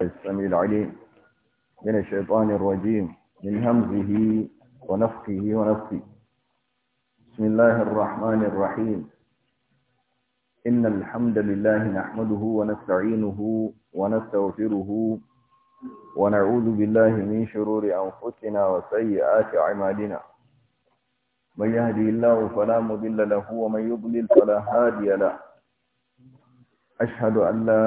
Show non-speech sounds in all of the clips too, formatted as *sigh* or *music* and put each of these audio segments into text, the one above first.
السميع العليم من الشيطان الرجيم من همزه ونفخه ونفخه بسم الله الرحمن الرحيم إن الحمد لله نحمده ونستعينه ونستغفره ونعوذ بالله من شرور أنفسنا وسيئات أعمالنا من يهدي الله فلا مضل له ومن يضلل فلا هادي له أشهد أن لا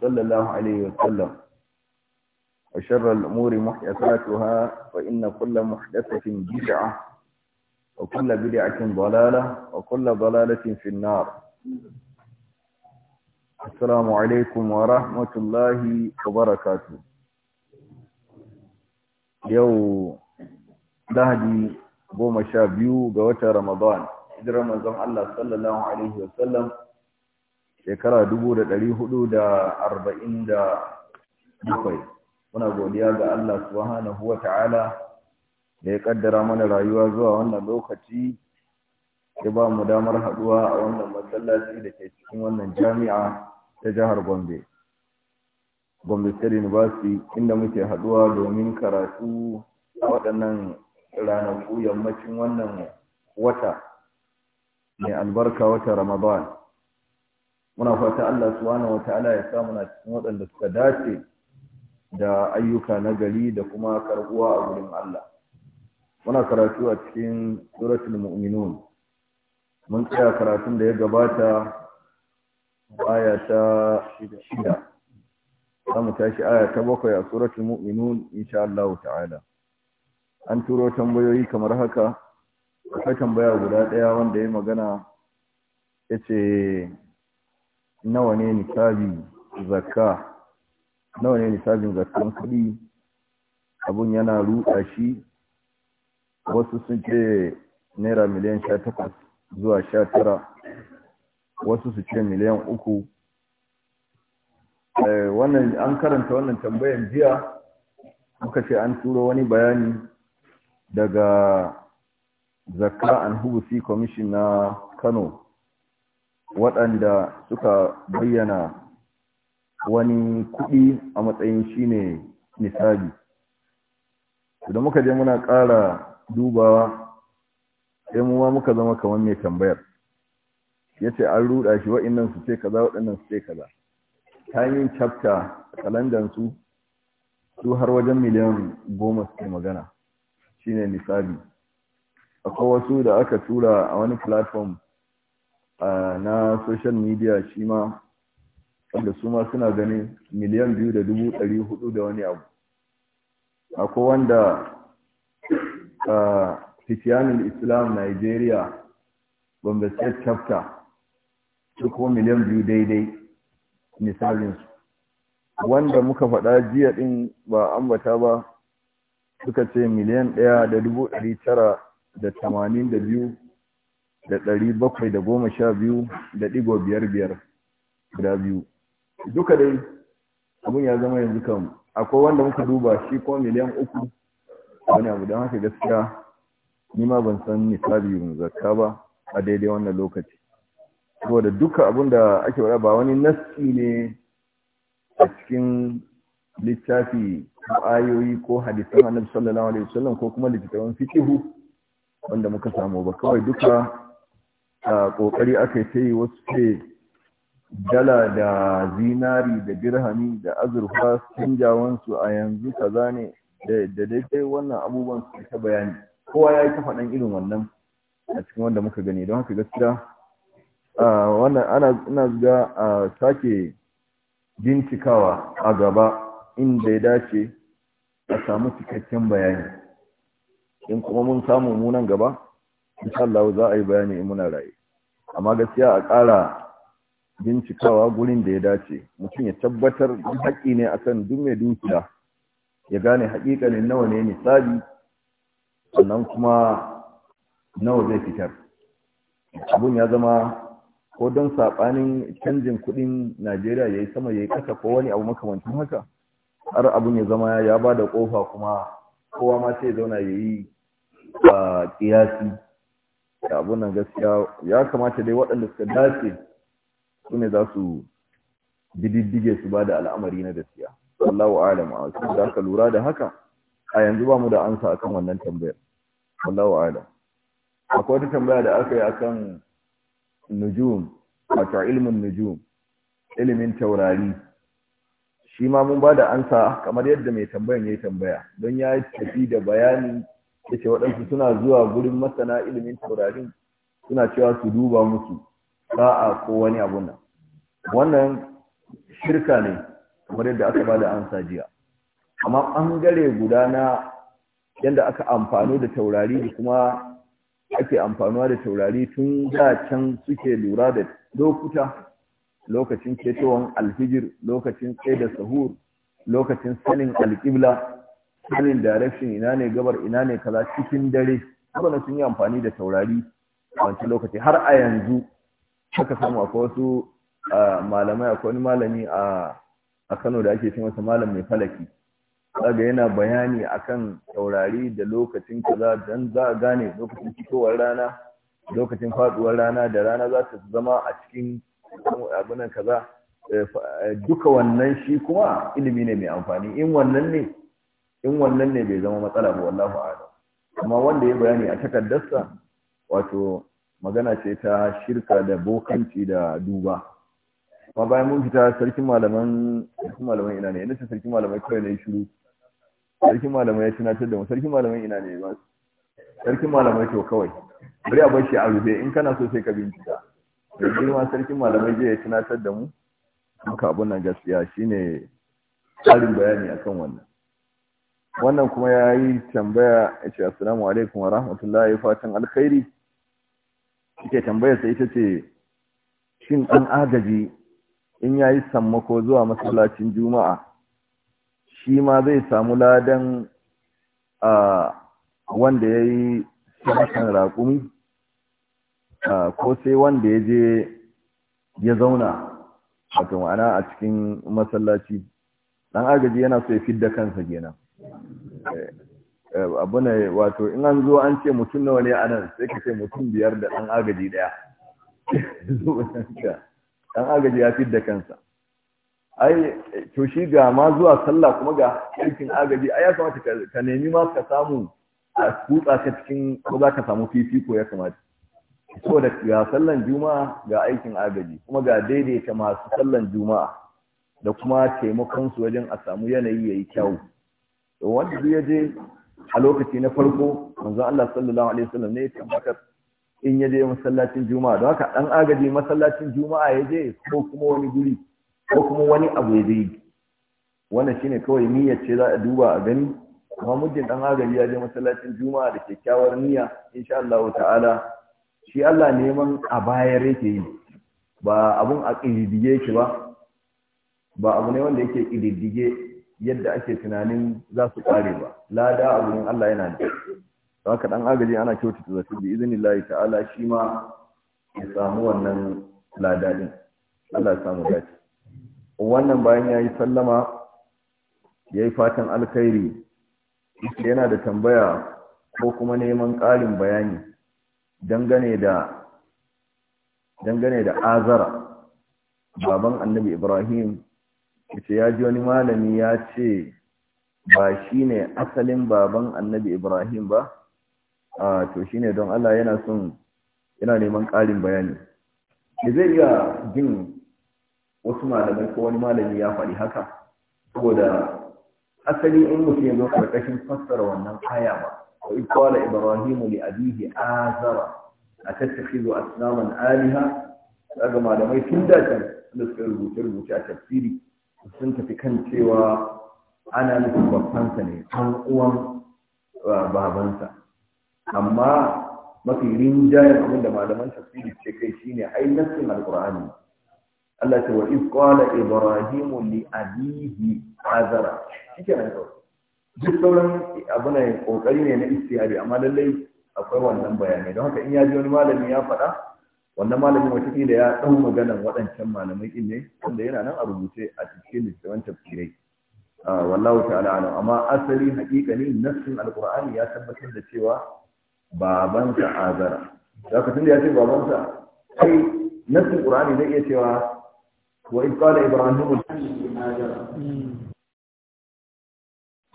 صلى الله عليه وسلم وشر الأمور محدثاتها فإن كل محدثة بدعة وكل بدعة ضلالة وكل ضلالة في النار السلام عليكم ورحمة الله وبركاته يو دهدي بوم شابيو بوتر رمضان رمضان الله صلى الله عليه وسلم shekara dubu da ɗari hudu da arba'in da bakwai muna godiya ga Allah subhanahu wa ta'ala da ya kaddara mana rayuwa zuwa wannan lokaci ya ba mu damar haɗuwa a wannan masallaci da ke cikin wannan jami'a ta jihar Gombe. Gombe State University inda muke haɗuwa domin karatu waɗannan ranaku yammacin wannan wata mai albarka wata Ramadan. muna fata Allah subhanahu wataala ya sa na cikin waɗanda suka dace da ayyuka na gari da kuma karbuwa a gurin Allah muna karatu a cikin suratul mu'minun mun tsaya karatun da ya gabata aya ta shida za mu tashi aya ta bakwai a suratul mu'minun insha Allah ta'ala an turo tambayoyi kamar haka akwai tambaya guda ɗaya wanda ya magana yace nawa ne nisabin zakka nawa ne nisabin zakkan kuɗi abun yana ruɗa shi wasu sun ce naira miliyan sha takwas zuwa sha tara wasu su ce miliyan uku eh, wannan an karanta wannan tambayan jiya muka ce an turo wani bayani daga zakka and hubusi commission na kano waɗanda suka bayyana wani kuɗi a matsayin shine misali da muka je muna ƙara dubawa sai mu muka zama kamar mai tambayar ya ce an ruɗa shi wa'annan su ce kaza waɗannan su ce kaza yin chapter kalandan su su har wajen miliyan goma suke magana shine misali akwai wasu da aka tura a wani platform na social media shi ma wanda su ma suna ganin miliyan biyu da dubu ɗari hudu da wani abu akwai wanda fitiyanin Islam Nigeria Gombe State Chapter su kuma miliyan biyu daidai misalinsu wanda muka faɗa jiya ɗin ba ambata ba suka ce miliyan ɗaya da dubu ɗari tara da tamanin da biyu da ɗari bakwai da goma sha biyu da ɗigo biyar biyar guda biyu duka dai abun ya zama yanzu kan akwai wanda muka duba shi ko miliyan uku wani abu don haka gaskiya ni ma ban san misali yin zakka ba a daidai wannan lokaci saboda duka abun da ake wada ba wani nassi ne a cikin littafi ko ayoyi ko hadisan annabi sallallahu alaihi wasallam ko kuma littattafan fiqhu wanda muka samu ba kawai duka kokari aka ce wasu ce dala da zinari da dirhami da azurfa canjawansu a yanzu kaza ne da dai kai wannan abubuwan su ta bayani kowa ya yi ta irin wannan a cikin wanda muka gani don haka gaskiya wannan ana ina ga a sake bincikawa a gaba inda ya dace a samu cikakken bayani in kuma mun samu munan gaba insha Allah za a yi bayani in muna raye amma gaskiya a ƙara bincikawa gurin da ya dace mutum ya tabbatar haƙƙi ne akan duk mai dukiya ya gane haƙiƙanin nawa ne misali sannan kuma nawa zai fitar abun ya zama ko don saɓanin canjin kuɗin najeriya ya yi sama ya yi ƙasa ko wani abu makamancin haka har abun ya zama ya bada da ƙofa kuma kowa ma sai zauna ya yi ah, ƙiyasi da nan gaskiya ya kamata dai waɗanda suka dace su ne za su diddige su ba da al'amari na gaskiya wallahu alam a wasu da aka lura da haka a yanzu ba mu da ansa akan wannan tambayar wallahu alam akwai wata tambaya da aka yi akan nujum wato ilmin nujum ilimin taurari shi ma mun ba da ansa kamar yadda mai tambayan ya tambaya don ya tafi da bayani yace waɗansu suna zuwa gurin masana ilimin taurarin suna cewa su duba musu sa'a ko wani abun nan wannan shirka ne kamar yadda aka ba da ansa jiya amma ɓangare guda na yadda aka amfani da taurari da kuma ake amfanuwa da taurari tun da can suke lura da lokuta lokacin ketowar alfijir lokacin tsaye da sahur lokacin sanin alƙibla ina ne direction ina ne gabar ina ne kaza cikin dare saboda sun yi amfani da taurari a wancan lokaci har a yanzu haka samu akwai wasu malamai akwai wani malami a Kano da ake cin masa malam mai falaki kaga yana bayani akan taurari da lokacin kaza dan za a gane lokacin fitowar rana lokacin faduwar rana da rana za ta zama a cikin abunan kaza eh, eh, duka wannan shi kuma ilimi ne mai amfani in wannan ne in wannan ne bai zama matsala ba wallahu a'lam amma wanda ya bayani a takaddarsa wato magana ce ta shirka da bokanci da duba amma bayan mun fita sarkin malaman sarkin malaman ina ne Ina ce sarkin malamai kawai ne shiru sarkin malamai ya tunatar da mu sarkin malamai ina ne ba sarkin malamai to kawai bari a bar shi a rufe in kana so sai ka bincika da girma sarkin malamai zai ya tunatar da mu muka abun nan gaskiya shine tsarin bayani akan wannan wannan kuma ya yi tambaya ya ce assalamu alaikum wa rahmatullahi fatan alkhairi ita tambayar sai ita ce shin ɗan agaji in ya yi sammako zuwa masallacin juma'a shi ma zai samu ladan wanda ya yi sashen raƙumi ko sai wanda ya je ya zauna wato ma'ana a cikin masallaci ɗan agaji yana so ya fidda kansa kenan Eh, eh, abu ne wato in an zo an ce mutum nawa ne a nan sai ka ce mutum biyar da ɗan agaji ɗaya *laughs* ɗan agaji ya fi da kansa ai to shi ga ma zuwa sallah kuma ga aikin agaji a ya kamata ka nemi ma ka samu a kutsa ka cikin ko za ka samu fifiko ya kamata saboda ga sallan juma'a ga aikin agaji kuma ga daidaita masu sallan juma'a da kuma taimakon su wajen a samu yanayi yayi kyau wanda zai je a lokaci na farko manzon Allah sallallahu alaihi wasallam ne ya tabbatar in ya je masallacin juma'a don haka dan agaji masallacin juma'a ya je ko kuma wani guri ko kuma wani abu ya yi wannan shine kawai niyyar ce za a duba a gani amma muddin dan agaji ya je masallacin juma'a da kyakkyawar niyya insha Allah ta'ala shi Allah neman a bayar yake yi ba abun a ƙididdige shi ba ba abu ne wanda yake ƙididdige yadda ake tunanin za su ƙare ba lada a wurin Allah yana da don haka dan agaji ana kyautata zafi. bi iznillahi ta'ala shi ma ya samu wannan lada din Allah ya samu dace wannan bayan yayi sallama yayi fatan alkhairi yana da tambaya ko kuma neman ƙarin bayani dangane da dangane da azara baban annabi ibrahim yace ya ji wani malami ya ce ba shine asalin baban annabi ibrahim ba a to shine don Allah yana son yana neman ƙarin bayani da zai iya jin wasu malamai ko wani malami ya faɗi haka saboda asali in mutum ya zo karkashin fassara wannan aya ba wa ikwala ibrahimu li abihi azara a tattakizo asnaman aliha daga malamai tun da can da suka rubuce rubuce a tafsiri sun tafi kan cewa ana nufin babbansa ne an uwan babansa amma mafi rinjayen abin da malaman tafsiri ce kai shine ai nassin alqur'ani Allah ce wa qala ibrahimu li abihi azara kike nan to duk sauran abu ne kokari ne na istihabi amma lallai akwai wannan bayanai don haka in yaji wani malami ya faɗa wannan malamin da ya ɗan maganar waɗancan malamai ɗin ne wanda yana nan a rubuce a cikin littattafan tafsirai ah, wallahu ta'ala alam amma asali haƙiƙani nassin alqur'ani ya tabbatar da cewa babansa azara tun tunda ya ce babansa kai nassin qur'ani zai iya cewa wa in qala ibrahimu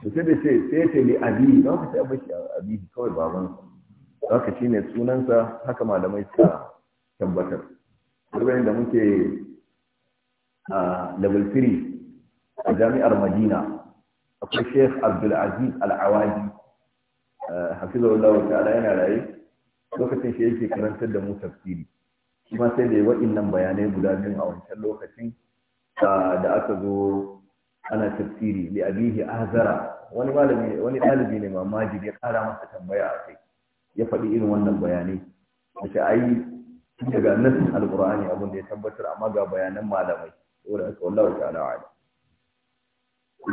to sai da ce sai ce li abi don ka ce abashi abi kawai babansa zaka shine sunansa haka malamai suka tabbatar lokacin da muke a level 3 a jami'ar madina akwai sheikh abdulaziz al'awaji hafizahullahu ta'ala yana raye lokacin shi yake karantar da mu tafsiri shi sai da waɗannan bayanai guda biyu a wancan lokacin da aka zo ana tafsiri li abihi azara wani malami wani ɗalibi ne ma ya ƙara masa tambaya a kai ya faɗi irin wannan bayanai wace ai daga nassin alqur'ani abin da ya tabbatar amma ga bayanan malamai saboda haka wallahi ta'ala a'lam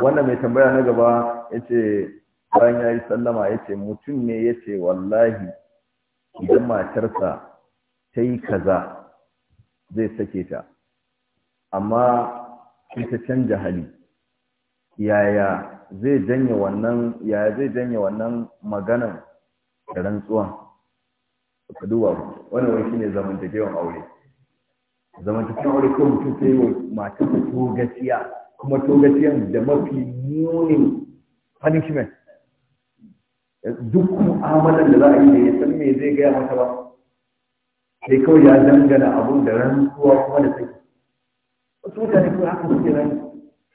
wannan mai tambaya na gaba yace bayan yayi sallama yace mutum ne yace wallahi idan matarsa ta yi kaza zai sake ta amma ita ta canja hali yaya zai janye wannan yaya zai janye wannan maganan da rantsuwan ka duba wannan wani shine zamantakewan aure zamantakewan aure ko mutum sai wa mata ta togaciya kuma togaciyan da mafi munin punishment duk mu'amalar da za a yi da ya san me zai gaya mata ba sai kawai ya dangana abun da rantsuwa kuma da sai wasu mutane kuma haka suke nan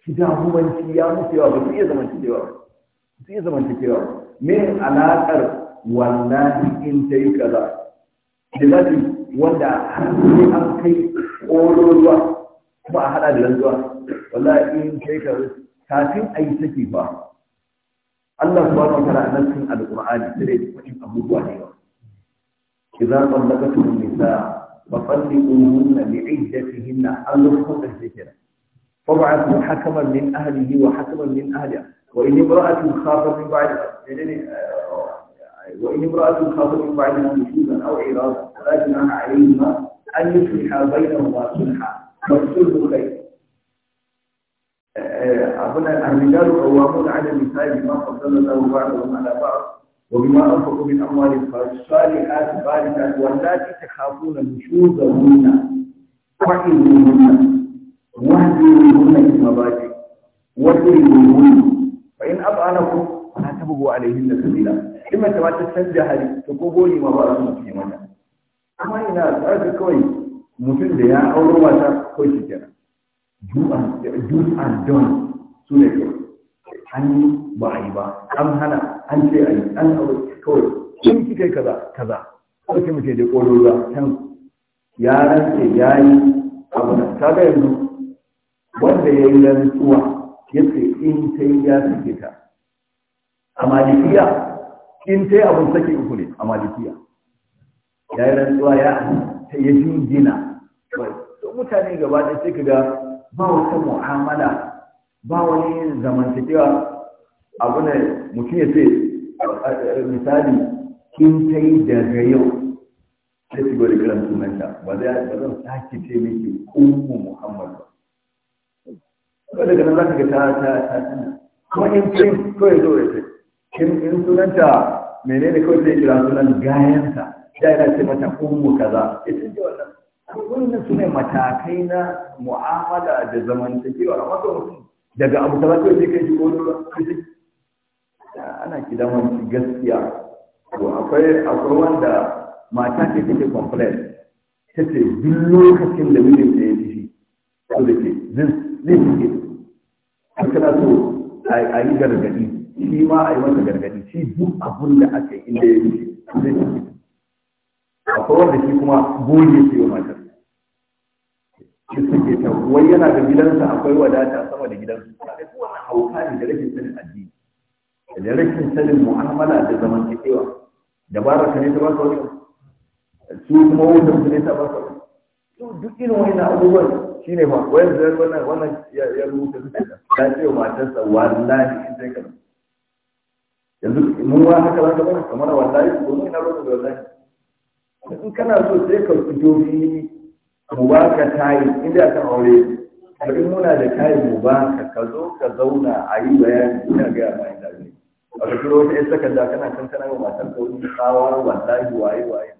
shi damuwanci ya mutewa ba su iya zamantakewa ba su iya zamantakewa me alaƙar wallahi in ta yi kaza bilabi wanda har sai an kai ƙoro ruwa kuma a haɗa da rantsuwa wallahi in kai ka kafin a yi saki ba Allah subhanahu wa ta'ala nan cikin alqur'ani sai da cikin abubuwa ne ba idan tsallakatum nisa فطلقوهن لعدتهن أنظركم الذكر فابعثوا حكما من أهله وحكما من أهلها وإن امرأة خافت من بعد وإن امرأة خافت بعدها نشوزا أو عراضا فلا جناح عليهما أن يصلحا بينهما صلحا والصلح خير آه، أبنا الرجال قوامون على النساء بما فضل الله بعضهم على بعض وبما أنفقوا من أموال الصالحات باركات واللاتي تخافون نشوزهن فإنهن واهدوهن في مبادئ واضربوهن فإن أطعنكم tabbu alaihin da sabila in mace ba ta canja hali to ko gori ma ba su fiye mata amma ina tsarki kawai mutum da ya auro mata ko shi kenan do and don su ne kawai an yi ba a yi ba an hana an ce a yi an auro kawai in kika yi kaza kaza kawai sai ke da je can ya rantse ya yi abu da kaga yanzu wanda ya yi rantsuwa ya ce in ta yi ya fi ta a malikiya in sai abun saki uku ne a malikiya ya yi rantsuwa ya ta yi jingina to mutane gaba da sai kaga ba wata mu'amala ba wani zamantakewa abu ne mutum ya ce misali kin ta yi daga yau ta shigo da kiran sunanta ba zan sake ce miki ummu muhammad ba ko daga nan za ka ga ta ta ta kuma in ce kawai zo ya ce in sunanta menene kawai zai kira sunan gayanta ya yana ce mata ummu kaza eh, ita ce wannan wannan su ne matakai na mu'amala da zamantakewa a masa daga abu kaza kawai sai kai shi ko ana kidan wani gaskiya to akwai akwai wanda mata ce take complain ta ce duk lokacin da mijin ta ya fishi ko da ke zin zin ke kira so a yi gargadi shi ma a yi masa gargadi shi duk abun da aka yi inda ya yi zai ci akwai wanda shi kuma goyi ya fiye mata shi suke ta wai yana da gidansa akwai wadata sama da gidansu da duk kuma hauka ne da rashin sanin addini da rashin sanin mu'amala da zamantakewa ba ka ne ta ba ka su kuma wanda su ne ta ba ka su duk irin wani abubuwan shi ne ba wani zai wannan ya rubuta su ta ce wa matarsa wallahi in sai ka yanzu mun wa haka za ka bana kamar wallahi ko mun na roƙo da wallahi in kana so sai ka fito fili mu ba ka tayi inda ka aure in muna da tayi mu ba ka ka zo ka zauna a yi bayani ina ga ma inda ne a ka kiro wata saka da kana kan kana ma matar ka wani tsawa wallahi waye waye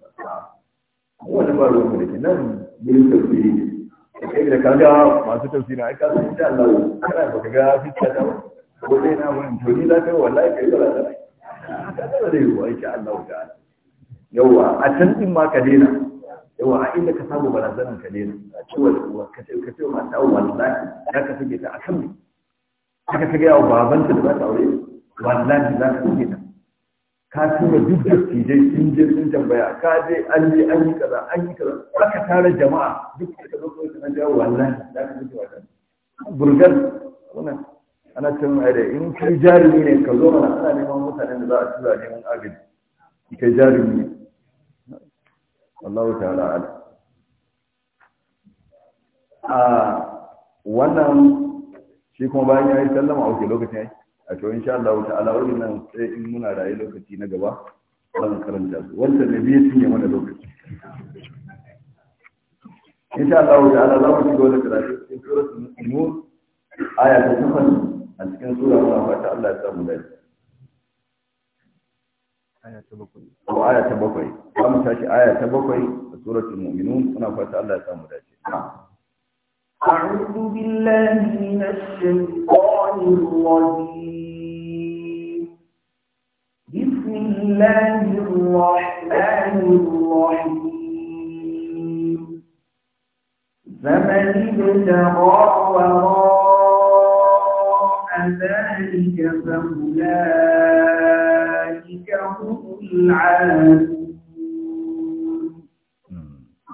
wani ba ruwan da ke nan mun tafsiri ne kai da kaga masu tafsiri a ka san insha Allah kana baka ga fitta da wani ko dai na wani to ni za ka yi wallahi ka yi ba za ka zama da yiwuwa insha Allah ta'ala yawa a can din ma ka daina yawa a inda ka samu barazanar ka daina a cewa da uwa ka ce ka ce ma ta wallahi za ka sake ta akan me haka ka ga wa babanta da ba ta aure wallahi za ka sake ta ka tura duk da tijai sun je sun tambaya ka je an je an yi kaza an yi kaza aka tara jama'a duk da ka zo kawai sanar da wallahi za ka sake wa ta burgar wannan ana cin da in kai jarumi ne ka zo mana ana neman mutanen da za a a neman agaji kai jarumi ne Allahu ta'ala ala a wannan shi kuma bayan ya yi sallama a wuce lokacin yi a to insha Allah ta'ala wurin nan sai in muna raye lokaci na gaba zan karanta su wanda ne biye cinye mana lokaci insha Allah ta'ala za mu shiga wani karatu cikin suratul nur aya ta 8 a cikin sura muna fata Allah ya samu dai aya ta bakwai ko aya ta bakwai za mu tashi aya ta bakwai a suratul mu'minun muna fata Allah ya samu dace أعوذ بالله من الشيطان الرجيم بسم الله الرحمن الرحيم فمن ابتغى وراء ذلك فأولئك هم العادون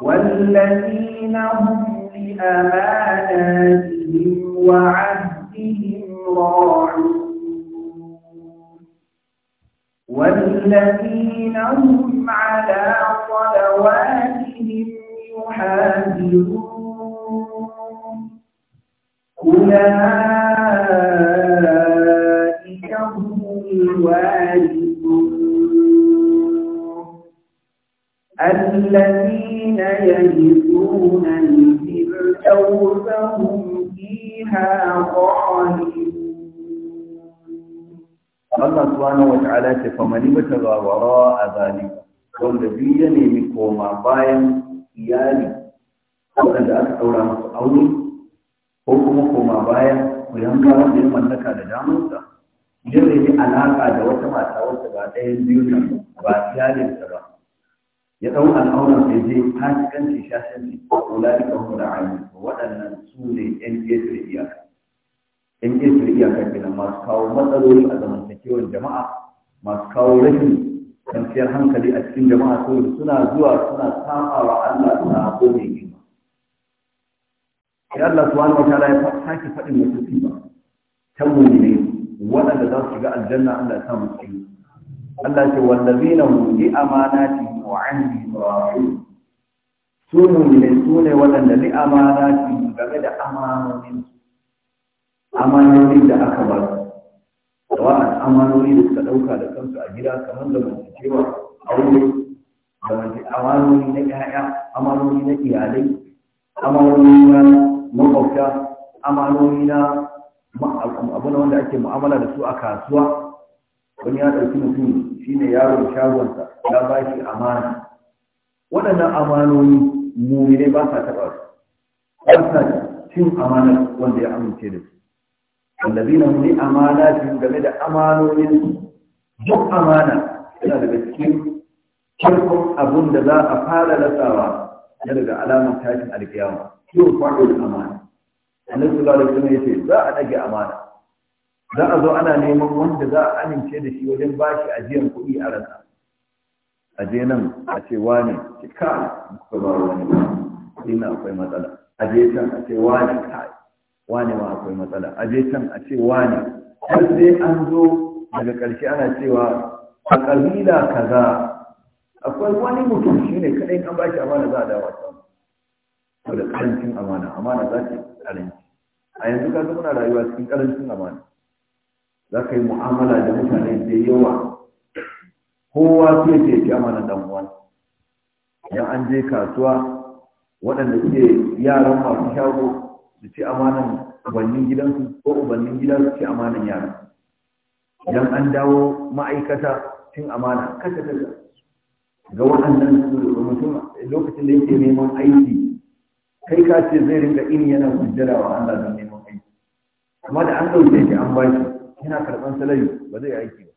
والذين هم لأماناتهم وعهدهم راعون والذين هم على صلواتهم يحافظون أولئك الوارثون الذين يرثون الفردوس هم فيها خالدون Allah subhanahu wa ta'ala ce fa mani bata ga wara a zali wanda biyu ya nemi koma bayan iyali wanda aka daura masu aure ko kuma koma bayan ku yanka wanda ya mallaka da damarsa zai yi alaƙa da wata mata wata ba ɗayan biyu nan ba iyalinsa ba ya ɗau al'auran sai zai sha shashanci ko ulari ka hukura ayi waɗannan su ne yan ƙetare iyaka yan ƙetare iyaka kenan masu kawo matsaloli a zamantakewar jama'a masu kawo rashin kwanciyar hankali a cikin jama'a saboda suna zuwa suna saba wa Allah ta ko mai girma. Ya Allah subhanahu wa ta'ala ya sake faɗin wata sifa ta mu'minai waɗanda za su shiga aljanna Allah ya sa mu cikin Allah ce wallazina hum li amanati wa ahdi ra'in su ne su ne waɗanda li amanati game da amanonin amanonin da aka ba su sawa'an amanoni da suka ɗauka da kansu a gida kamar da cewa aure da mace amanoni na 'ya'ya, amanoni na iyalai amanoni na makwabta amanoni na abu wanda ake mu'amala da su a kasuwa wani ya ɗauki mutum yaro da shagonsa ya ba shi amana waɗannan amanoni muminai ba sa taɓa su ba sa cin amanar wanda ya amince da su wallabi na muni amana shi game da amanonin duk amana yana daga cikin kirkon abun da za a fara lasawa yana daga alamar tashin alkiyawa yau faɗo da amana annabi sallallahu alaihi wasallam yace za a dage amana za a zo ana neman wanda za a amince da shi wajen bashi ajiyar kuɗi a ransa aje nan a ce wane ki ka ku ba wani ina akwai matsala aje can a ce wane Ka, wane ma akwai matsala aje can a ce wane har sai an zo daga ƙarshe ana cewa a ƙabila kaza akwai wani mutum shine kadai an bashi amana za a dawo saboda karancin amana amana za ta yi karanci a yanzu ka muna rayuwa cikin karancin amana za ka yi mu'amala da mutane da yawa kowa sai ce ya amana dan uwan idan an je kasuwa waɗanda ke yaran masu shago su ci amanan ubannin gidansu ko ubannin gida su ci amanan yara idan an dawo ma'aikata cin amana kasa kasa ga waɗannan su mutum lokacin da yake neman aiki kai ka ce zai rinka ini yana sujjada wa Allah don neman aiki amma da an ɗauke shi an bashi yana karɓan salari ba zai aiki ba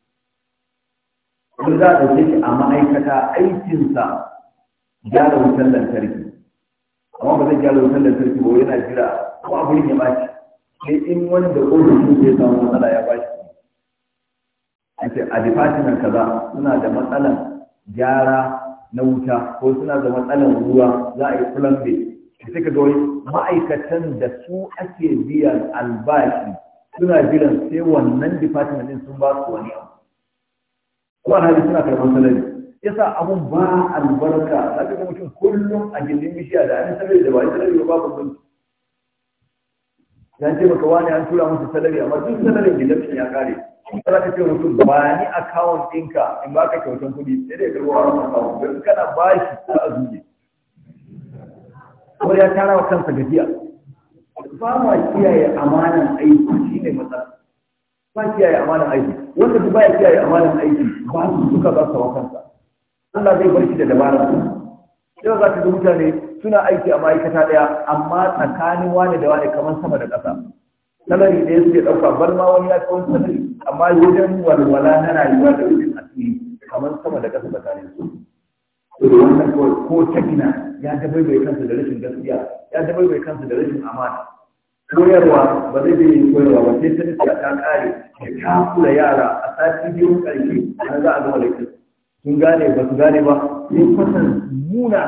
wani za a ɗauke shi a ma'aikata aikinsa gyara wutar lantarki amma ba zai gyara wutar lantarki ba yana jira ko abin ya bashi sai in wani da ofishin sai samu matsala ya bashi ce a dipatinan kaza suna da matsalan gyara na wuta ko suna da matsalan ruwa za a yi bai. sai ka ga wai ma'aikatan da su ake biyan albashi suna jiran sai wannan department din sun ba su wani abu kuma na suna karɓar salari yasa abun ba albarka za ka ga mutum kullum a gindin bishiya da an salari da ba a salari ba ba banki dan ce maka wani an tura musu salari amma duk salarin gidan ya kare ka za ka ce mutum ba ni akawun ɗinka in ba ka kyautan kuɗi sai dai ka ruwa wani account don kana ba shi ta a ko ya tara wa kansa gajiya ba ma kiyaye amanan aiki shine matsala ba kiyaye amanan aiki wanda ba ya kiyaye amanan aiki ba su suka ba su wa kansa Allah zai bar shi da dabara. su sai za ka ga mutane suna aiki a ma'aikata daya amma tsakanin wani da wani kamar sama da ƙasa salari ɗaya suke ɗauka bar ma wani ya wani salari amma wajen walwala na rayuwa da wajen asiri kamar sama da ƙasa tsakanin su Saboda wannan kawai ko ta gina ya dabaibaye kansa da rashin gaskiya, ya dabaibaye kansa da rashin amana. Koyarwa ba zai yi koyarwa ba sai ta nufi sun ta kare ta kula yara a sati biyu ƙarshe an za a gama laifin. Sun gane ba su gane ba, sai kwasan muna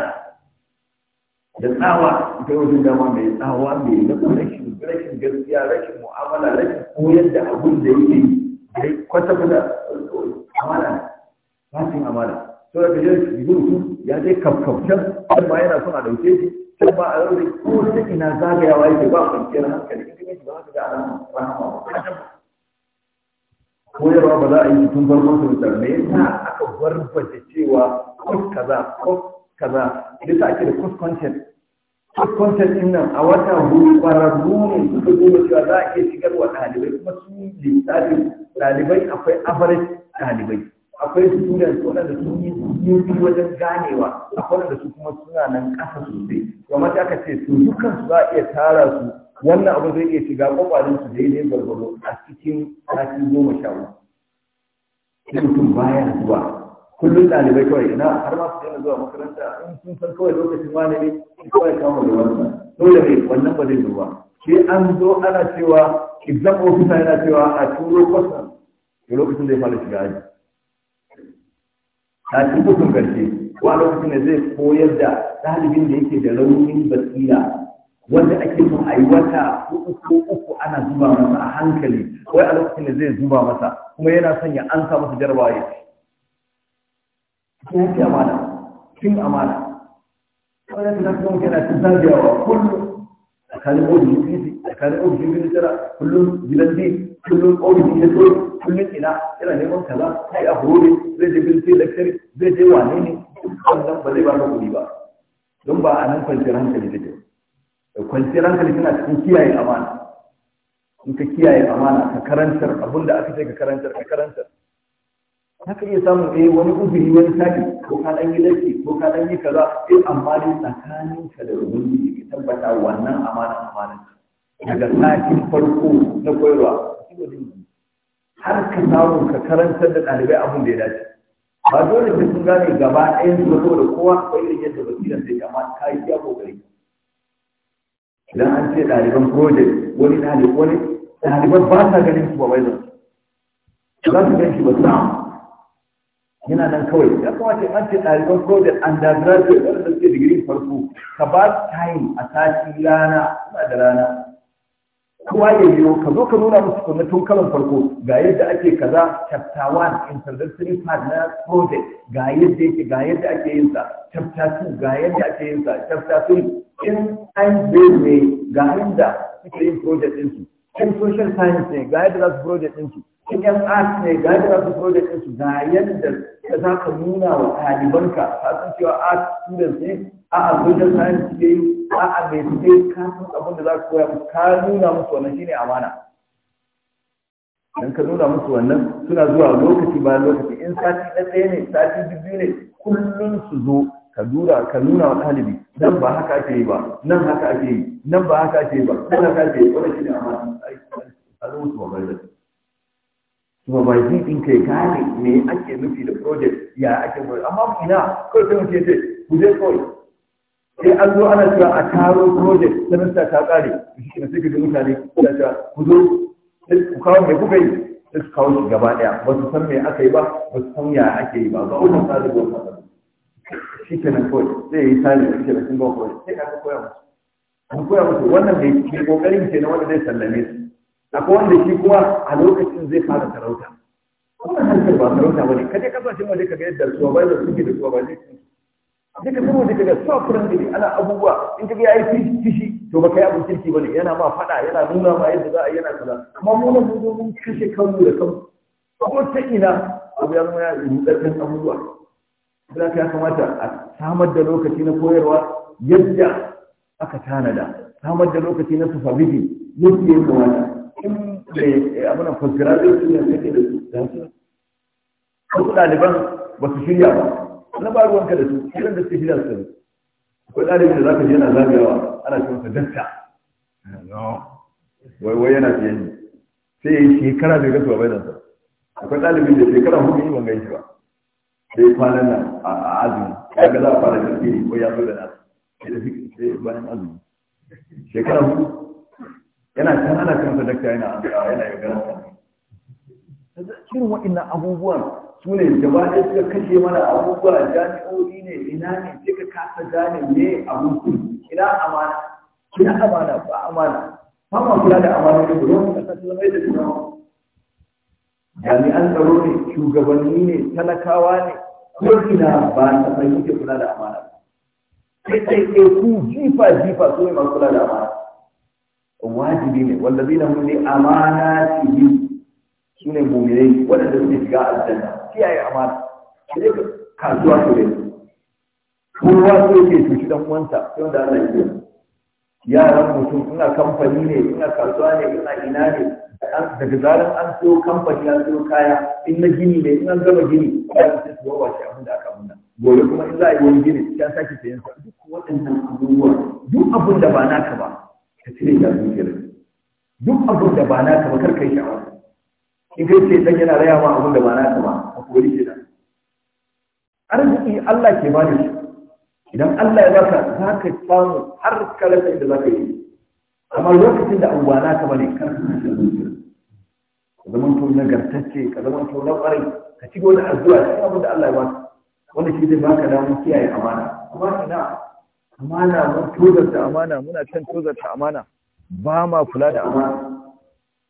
da tsawa ita wajen dama mai tsawa mai na rashin rashin gaskiya rashin mu'amala rashin koyar da abun da yake dai kwata kwata amana ba amana to da kaje gudu ya je kafkafcan har ma yana son a dauke shi sai ba a rauni ko ta ina zagayawa yake ba kwanciyar hankali in kuma shi ba ka ga alama rahama ba koyarwa ba za a yi tun farkon semester me yasa aka barbace cewa kos kaza kos kaza bisa ake da kos content kos content din nan a wata hudu kwararru ne suka duba cewa za a iya shigarwa ɗalibai kuma su lissafi ɗalibai akwai average ɗalibai akwai students waɗanda sun yi yi wajen ganewa akwai waɗanda su kuma suna nan ƙasa sosai kamar da aka ce su dukkan su za a iya tara su wannan abu zai iya shiga kwakwalin su daidai gwargwaro a cikin sati goma sha uku sai mutum baya zuwa kullum ɗalibai kawai ina har ma su daina zuwa makaranta in sun san kawai lokacin wani ne kawai kama da wannan dole ne wannan ba zai zo ba sai an zo ana cewa exam officer yana cewa a turo kwasan lokacin da ya fara shiga aji ta ci gudun gaske ko a lokacin da zai koyar da ɗalibin da yake da raunin basira wanda ake son a yi wata uku ko uku ana zuba masa a hankali wai a lokacin da zai zuba masa kuma yana son ya ansa masa jarabawa ya ci ya ce amana cin amana wanda ta kuma yana cin zagayawa kullum tsakanin obi sisi tsakanin obi sisi tara kullum gidan di kullum obi sisi so kullum ina yana neman kaza sai a hore zai je bilti lecture zai je wane ne wannan ba zai ba ka kuɗi ba don ba a nan kwanciyar hankali take kwanciyar hankali tana cikin kiyaye amana in ka kiyaye amana ka karantar abinda aka ce ka karantar ka karantar haka iya samun ɗaya eh, wani uzuri wani sati ko ka ɗan yi laifi ko ka ɗan yi kaza sai eh, amma dai tsakanin ka da ne ka tabbata wannan amana amana daga sakin farko na koyarwa har ka samu ka karantar da ɗalibai abin da ya dace ba dole ne sun gane gaba ɗayan su da kowa akwai irin yadda basiran sai amma ka yi iya kokari idan an ce ɗaliban project wani ɗalibai wani ɗaliban ba sa ganin su ba wai za su gan shi ba samu yana nan kawai ya kuma ce an ce ɗaliban project undergraduate wanda suke digiri farko ka ba time a sati rana suna da rana kowa ya biyo ka zo ka nuna musu kuma tun kalan farko ga yadda ake kaza chapter 1 introductory part na project ga yadda yake ga yadda ake yin sa chapter 2 ga yadda ake yin sa chapter 3 in an bai ne ga yadda suke yin project ɗinsu in social science ne ga yadda za su project ɗin su in yan art ne ga yadda za su project ɗin su ga yadda ka za ka nuna wa ɗalibanka ka san cewa art students ne a social science suke yi a mai suke ka san abin da za ka koya ka nuna musu wannan shine amana dan ka nuna musu wannan suna zuwa lokaci bayan lokaci in sati ɗaya ne sati biyu ne kullum su zo ka dura ka nuna wa ɗalibi nan ba haka ake yi ba nan haka ake yi nan ba haka ake yi ba nan haka ake yi wani shi ne amma a zama su mabar da su ba shi in kai gane me ake nufi da project ya ake mai amma ina kawai sai mutum ce ku je kawai sai an zo ana cewa a taro project semester ta ƙare shi ne sai ka ji mutane suna cewa ku zo ku kawo mai kuka yi sai su kawo shi gaba daya ba su san me aka yi ba ba su san ya ake yi ba ba wannan tsarin ba shi ke nan kawai zai yi tare da shi da sun gawa kawai sai ka koya musu an koya musu wannan mai ke kokarin ke na wanda zai sallame su akwai wanda shi kuwa a lokacin zai fara sarauta wannan harkar ba sarauta ba ne ka je kaje kasashen waje ka ga yadda su ba zai suke da su ba zai ci duka sun waje kaga a furan gari ana abubuwa in kaga yi fishi to ba kai abin kirki ne, yana ma faɗa, yana nuna ma yadda za a yana kaza amma mu nan mun kashe kanmu da kanmu ko ta ina abu ya zama ya yi abubuwa da ka ya kamata a samar da lokaci na koyarwa yadda aka tanada samar da lokaci na supervision yadda ya kamata in bai eh, abunan fasgara da su ne kake da su da su wasu ɗaliban ba su shirya ba na ba ruwanka da su irin da suke shirya su akwai ɗalibin da za ka je yana zagayawa ana ce masa dasta wai wai yana fiye sai ya yi shekara bai gasuwa bai nan akwai ɗalibin da shekara hudu ban gaishe ba sai kwanan nan a azumi ya ga za a fara tafiye ko ya zo da nasu sai da fikin sai bayan azumi shekara hudu yana can ana kan sadaka yana yana ya gara irin waɗannan abubuwan su ne gaba ɗaya suka kashe mana abubuwa jami'o'i ne ina ne suka kasa gane ne abubuwan ina amana ina amana ba amana ba ma kula da amana ne ba don kasa su zama yadda su zama jami'an tsaro ne shugabanni ne talakawa ne ko ina ba ta san yake kula da amana sai sai sai ku jifa jifa su ne masu kula da amana wajibi ne wanda zai nan ne amana ci yi su ne mumirai waɗanda suke shiga aljanna kiyaye amana sai ka kasuwa su ne kowa so yake cuci dan uwansa sai wanda Allah ya yi yaran mutum ina kamfani ne ina kasuwa ne ina ina ne daga zarar an siyo kamfani an siyo kaya in na gini ne in an gama gini ya fi su ba shi abin da aka muna gobe kuma in za a yi wani gini ya sake sayan sa duk waɗannan abubuwa duk abin da ba naka ba ka cire ya zuciyar duk abin da ba naka ba kar kai sha'awa in kai ce dan yana raya ma abin da ba naka ba a kori ke nan arziki Allah ke da shi idan Allah ya baka za ka samu har ka rasa da za ka yi amma lokacin da abuwa na ka bane kar ka shi zuciya ka zama to nagartacce ka zama to na ƙwarai ka ci gona a zuwa cikin abin da Allah ya baka wanda shi zai baka damar kiyaye amana amma ina amana mun ta amana muna can ta amana ba ma kula da amana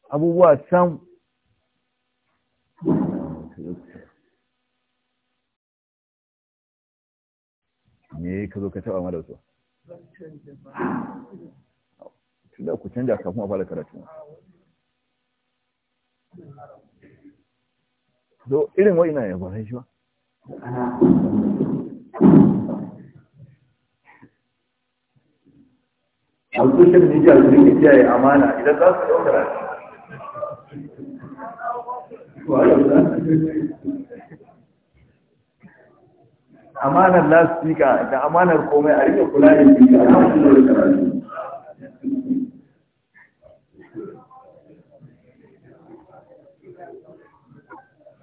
abubuwa sam me ka zo ka taɓa mara wasu da ku canja kafin a fara karatu so irin wai ina yaba sai shi ba a social media su rike kiyaye amana idan za su ɗaukar amanar lasfika da amanar komai a rike kula da shi a kan su da karatu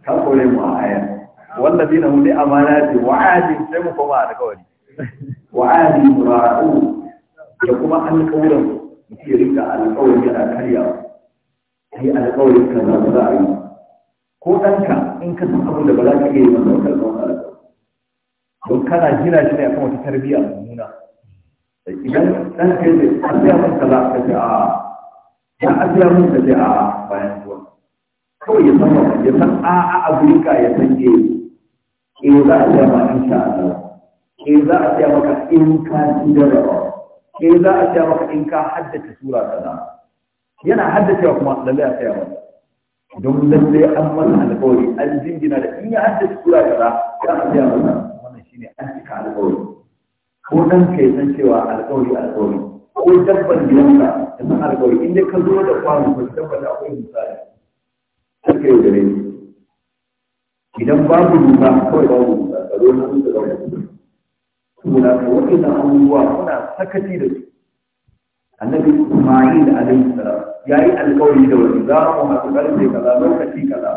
ka kore mu a aya wallazi na hudi amanati wa adi sai mu koma da kawari wa adi mura'u da kuma an alƙawarin ke rika alƙawarin yana karya kai alƙawarin ka za za a yi ko ɗanka in ka san abin da ba za ka iya yi masa kalmar alƙawari don kana gina shi ne a kan wata tarbiyya mummuna idan ɗanka ya ce an biya mun kaza ka ce a ya an mun ka ce a bayan zuwa kawai ya san ya san a a afirka ya san ke eh. ke eh, za a tsaya ma in sha Allah ke eh, za a tsaya maka in ka ci jarabawa ke za a tsaya maka in ka haddace sura kaza yana haddacewa kuma lalle a tsaya maka don lalle an masa alƙawari an jingina da in ya haddace sura kaza za a tsaya maka wannan shine an cika alƙawari ko dan ka yi san cewa alƙawari alƙawari ko dabban gidanka da san alƙawari inda ka zo da kwano ko dabban da akwai misali har kai da rai idan babu duka kawai babu duka tsaro na su da wani kuma ka waɗannan abubuwa suna sakaci da su annabi da alaihi salam yi alƙawari da wani za mu haɗu ƙarfe kaza lokaci kaza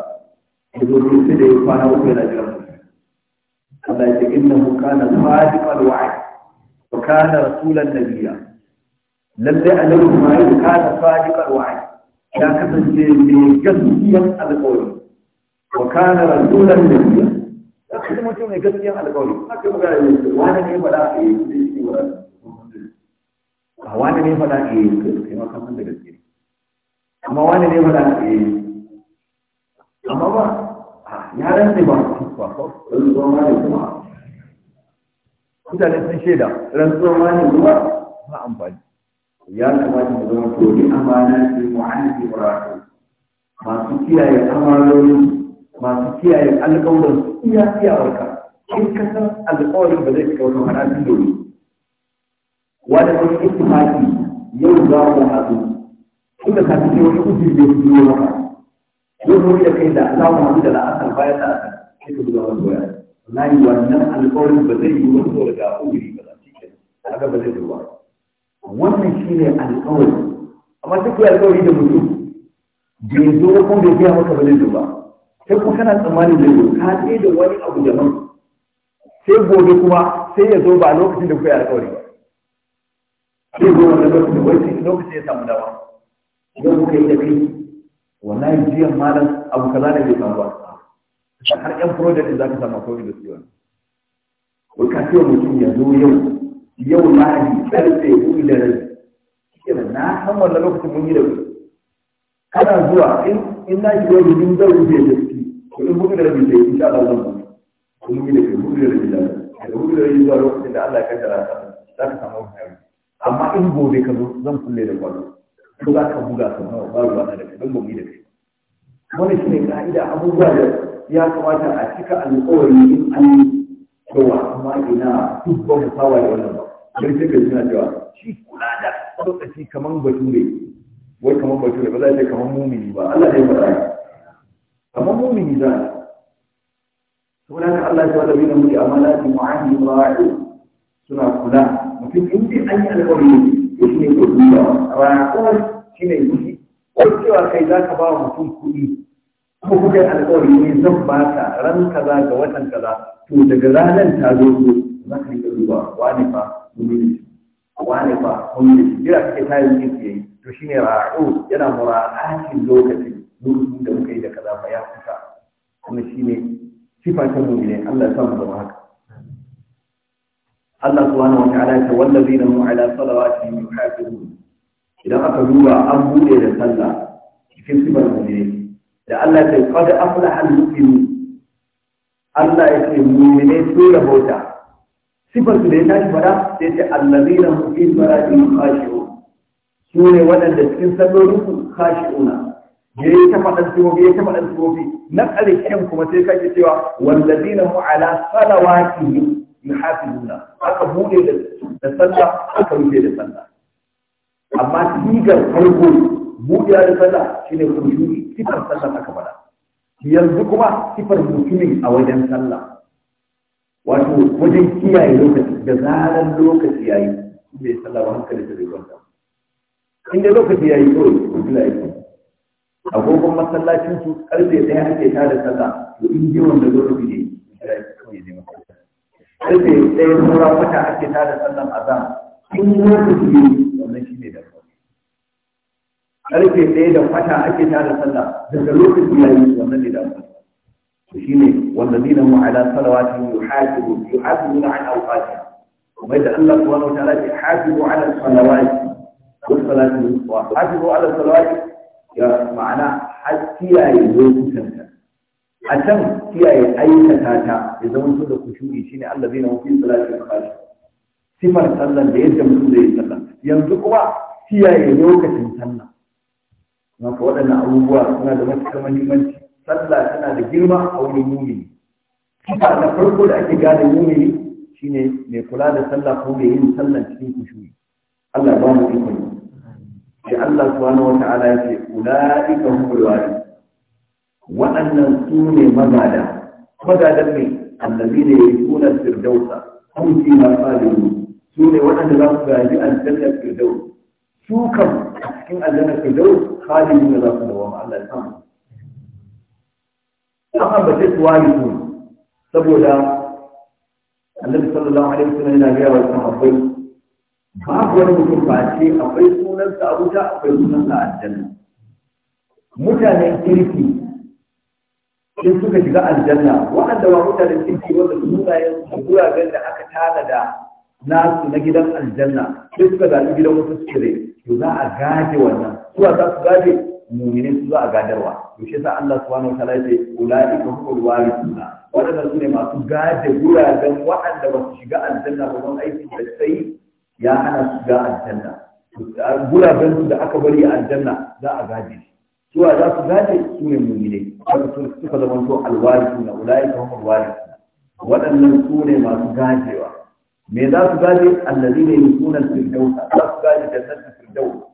ya zo sai da ya kwana uku yana jiran Allah ya ce innahu kana sadiqal wa'i wa kana rasulan nabiyya lalle annabi Isma'il kana sadiqal wa'i ya kasance mai gaskiyar alƙawari wa kana rasulan nabiyya ya kasance mutum mai gaskiyar alƙawari haka yi magana wani ne fada a yi zai yi wa a wani ne fada a yi kai ma kan da gaskiya amma wani ne fada a yi amma ba ya ne ba ba ko rantsuwa ma ne kuma mutane sun shaida rantsuwa ma ne kuma ba amfani ya kamata mu zama to ni amana ce mu an ibrahim masu kiyaye amalolin masu kiyaye alƙawarin su iya iyawarka in ka san alƙawarin ba zai cika wani harafin dole wani wani ittifaqi yau za mu haɗu tunda ka fice wani ujiri ne su yi maka yau zo da kai da za mu haɗu da la'asar bayan la'asar sai ka buga wani goya na yi wannan alƙawarin ba zai yi wani dole ga ujiri ba za su yi ba zai zuwa wannan shi ne alƙawari amma sai ku yi alƙawari da mutum ya zo kuma bai biya maka ba da ba sai kuma kana tsammanin da ya ka je da wani abu man sai gobe kuma sai ya zo ba lokacin da kuka yi alƙawari ba sai zo wani lokacin da wani lokacin ya samu dama idan kuka yi da kai wallahi jiyan malam abu kaza ne bai samu ba har yan project za ka samu kawai da su yi wani. Wai ka ce mutum ya zo yau yau lahadi karfe hudu da rabi kenan na san wannan lokacin mun yi da kana zuwa in in na shiga rubin zan rufe da shi ko in hudu da rabi sai insha Allah zan Ko kun yi da hudu da rabi da daga hudu da rabi zuwa lokacin da Allah ya kaddara ka za ka samu hukari amma in gobe ka zo zan kulle da kwallo ko za ka buga ka ba ruwa da kai don gobe da kai wannan shine ka'ida abubuwa da ya kamata a cika alƙawari in an yi yawa amma ina duk ba mu saba da wannan ba sai sai kai suna cewa shi kula da bature wai bature ba za mumini ba Allah ne faɗa mumini za saboda Allah ya wada bin mutu amalati mu'ahidi ra'i suna kula mutum in dai an yi alƙawari ya shi ne ko duba kuma shi ne kuɗi wai cewa kai za ka ba wa mutum kuɗi kuma kuka alƙawari ne zan baka ran kaza ga watan kaza to daga ranar ta zo za ka yi duba wani fa kullum wani ba kullum jira suke tayin yin yayi to shine ra'u yana mura'atin lokacin lokacin da muka yi da kaza ba ya kusa kuma shine sifa ta mu'mini Allah ya mu zama haka Allah subhanahu wa ta'ala ya ce wallazina hum ala salawatihim yuhafizun idan aka duba an bude da sallah cikin sifar mu'mini da Allah ya ce qad aflaha al-mu'minun Allah ya ce mu'mini sun rabauta sifar su da ya tashi fara sai ce allazina hum fi salatihim khashi'un su ne waɗanda cikin sallolin su khashi'una ya yi ta faɗan sifofi ya ta faɗan sifofi na ƙarshen kuma sai kake cewa wallazina hum ala salawatihim yuhafizuna aka bude da sallah aka rufe da sallah amma sigar farko buɗewa da sallah shine kushuri sifar sallah aka faɗa yanzu kuma sifar mutumin a wajen sallah wato wajen kiyaye lokaci da zarar lokaci ya yi bai sallah ba hankali da zai kwanta inda lokaci ya yi kawai ko kila ya agogon masallacin su karfe ɗaya ake tada sallah to in je wanda lokaci ne kira yi kawai ya zai kawai karfe ɗaya saura wata ake tada sallah azan in lokaci yi wannan shi ne da kawai karfe ɗaya da kwata ake tada sallah daga lokaci ya yi wannan ne da kawai ne shine wallazina hum ala salawatihim yuhafizun yuhafizuna ala awqatihim kuma da Allah subhanahu wa ta'ala ya hafizu ala salawat was salatu wa hafizu ala salawat ya ma'ana kiyaye lokutan ta a can kiyaye aikata ta ya zama su da kushuri shine allazina hum fi salatihim khashi'un sifar sallan da yadda mutum zai yi sallah yanzu kuma kiyaye lokacin sallah maka waɗannan abubuwa suna da matuƙar muhimmanci sallah tana da girma a wurin mumini sifa na farko da ake gane mumini shine mai kula da sallah ko mai yin sallah cikin kushuri Allah ba mu ikon shi Allah subhanahu wa ta'ala yake ulaika humul warith waɗannan su ne magada magadan mai annabi ne ya kuna firdausa kun fi ma salihu su ne waɗanda za su gaji aljannar firdaus su kam a cikin aljannar firdaus halin ne za su dawama Allah ya samu an ambace su walidu saboda annabi sallallahu alaihi wasallam yana gaya wa sahabbai babu wani mutum ba face akwai sunansa a wuta akwai sunan a aljanna mutanen kirki in suka shiga aljanna waɗanda ba mutanen kirki wanda su sunayen guraben da aka tanada nasu na gidan aljanna sai suka zaɓi gidan wasu suke to za a gaje wannan suwa za su gaje muminin su za a gadarwa to shi sa Allah subhanahu wataala ya ce ulai ka hukul warithuna waɗannan su ne masu gade guraben waɗanda ba su shiga aljanna ba don aikin da sai ya hana su shiga aljanna guraben su da aka bari a aljanna za a gaje shi suwa za su gaje su ne mu'mine wanda suka zama to alwarithuna ulai ka hukul warithuna waɗannan su ne masu gajewa me za su gaje allazi ne yusunan firdausa za su gaje jannatin firdaus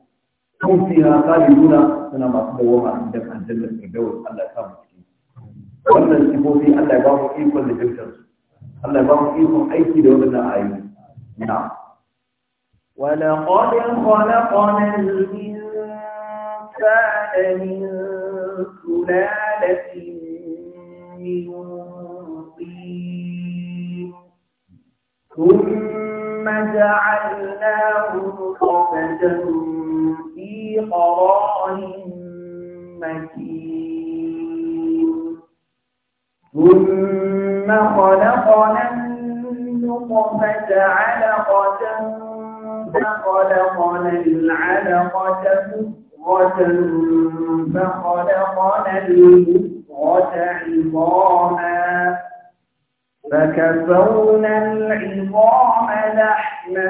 هم فيها خالدون سنة ما عندك عن جنة الفردوس الله يسامح وأن ولقد خلقنا الإنسان من سلالة من طين ثم جعلناه نطفة قرار مكين ثم خلقنا النطفة علقة فخلقنا العلقة مفرة فخلقنا المسرة عظاما فكسونا العظام لحما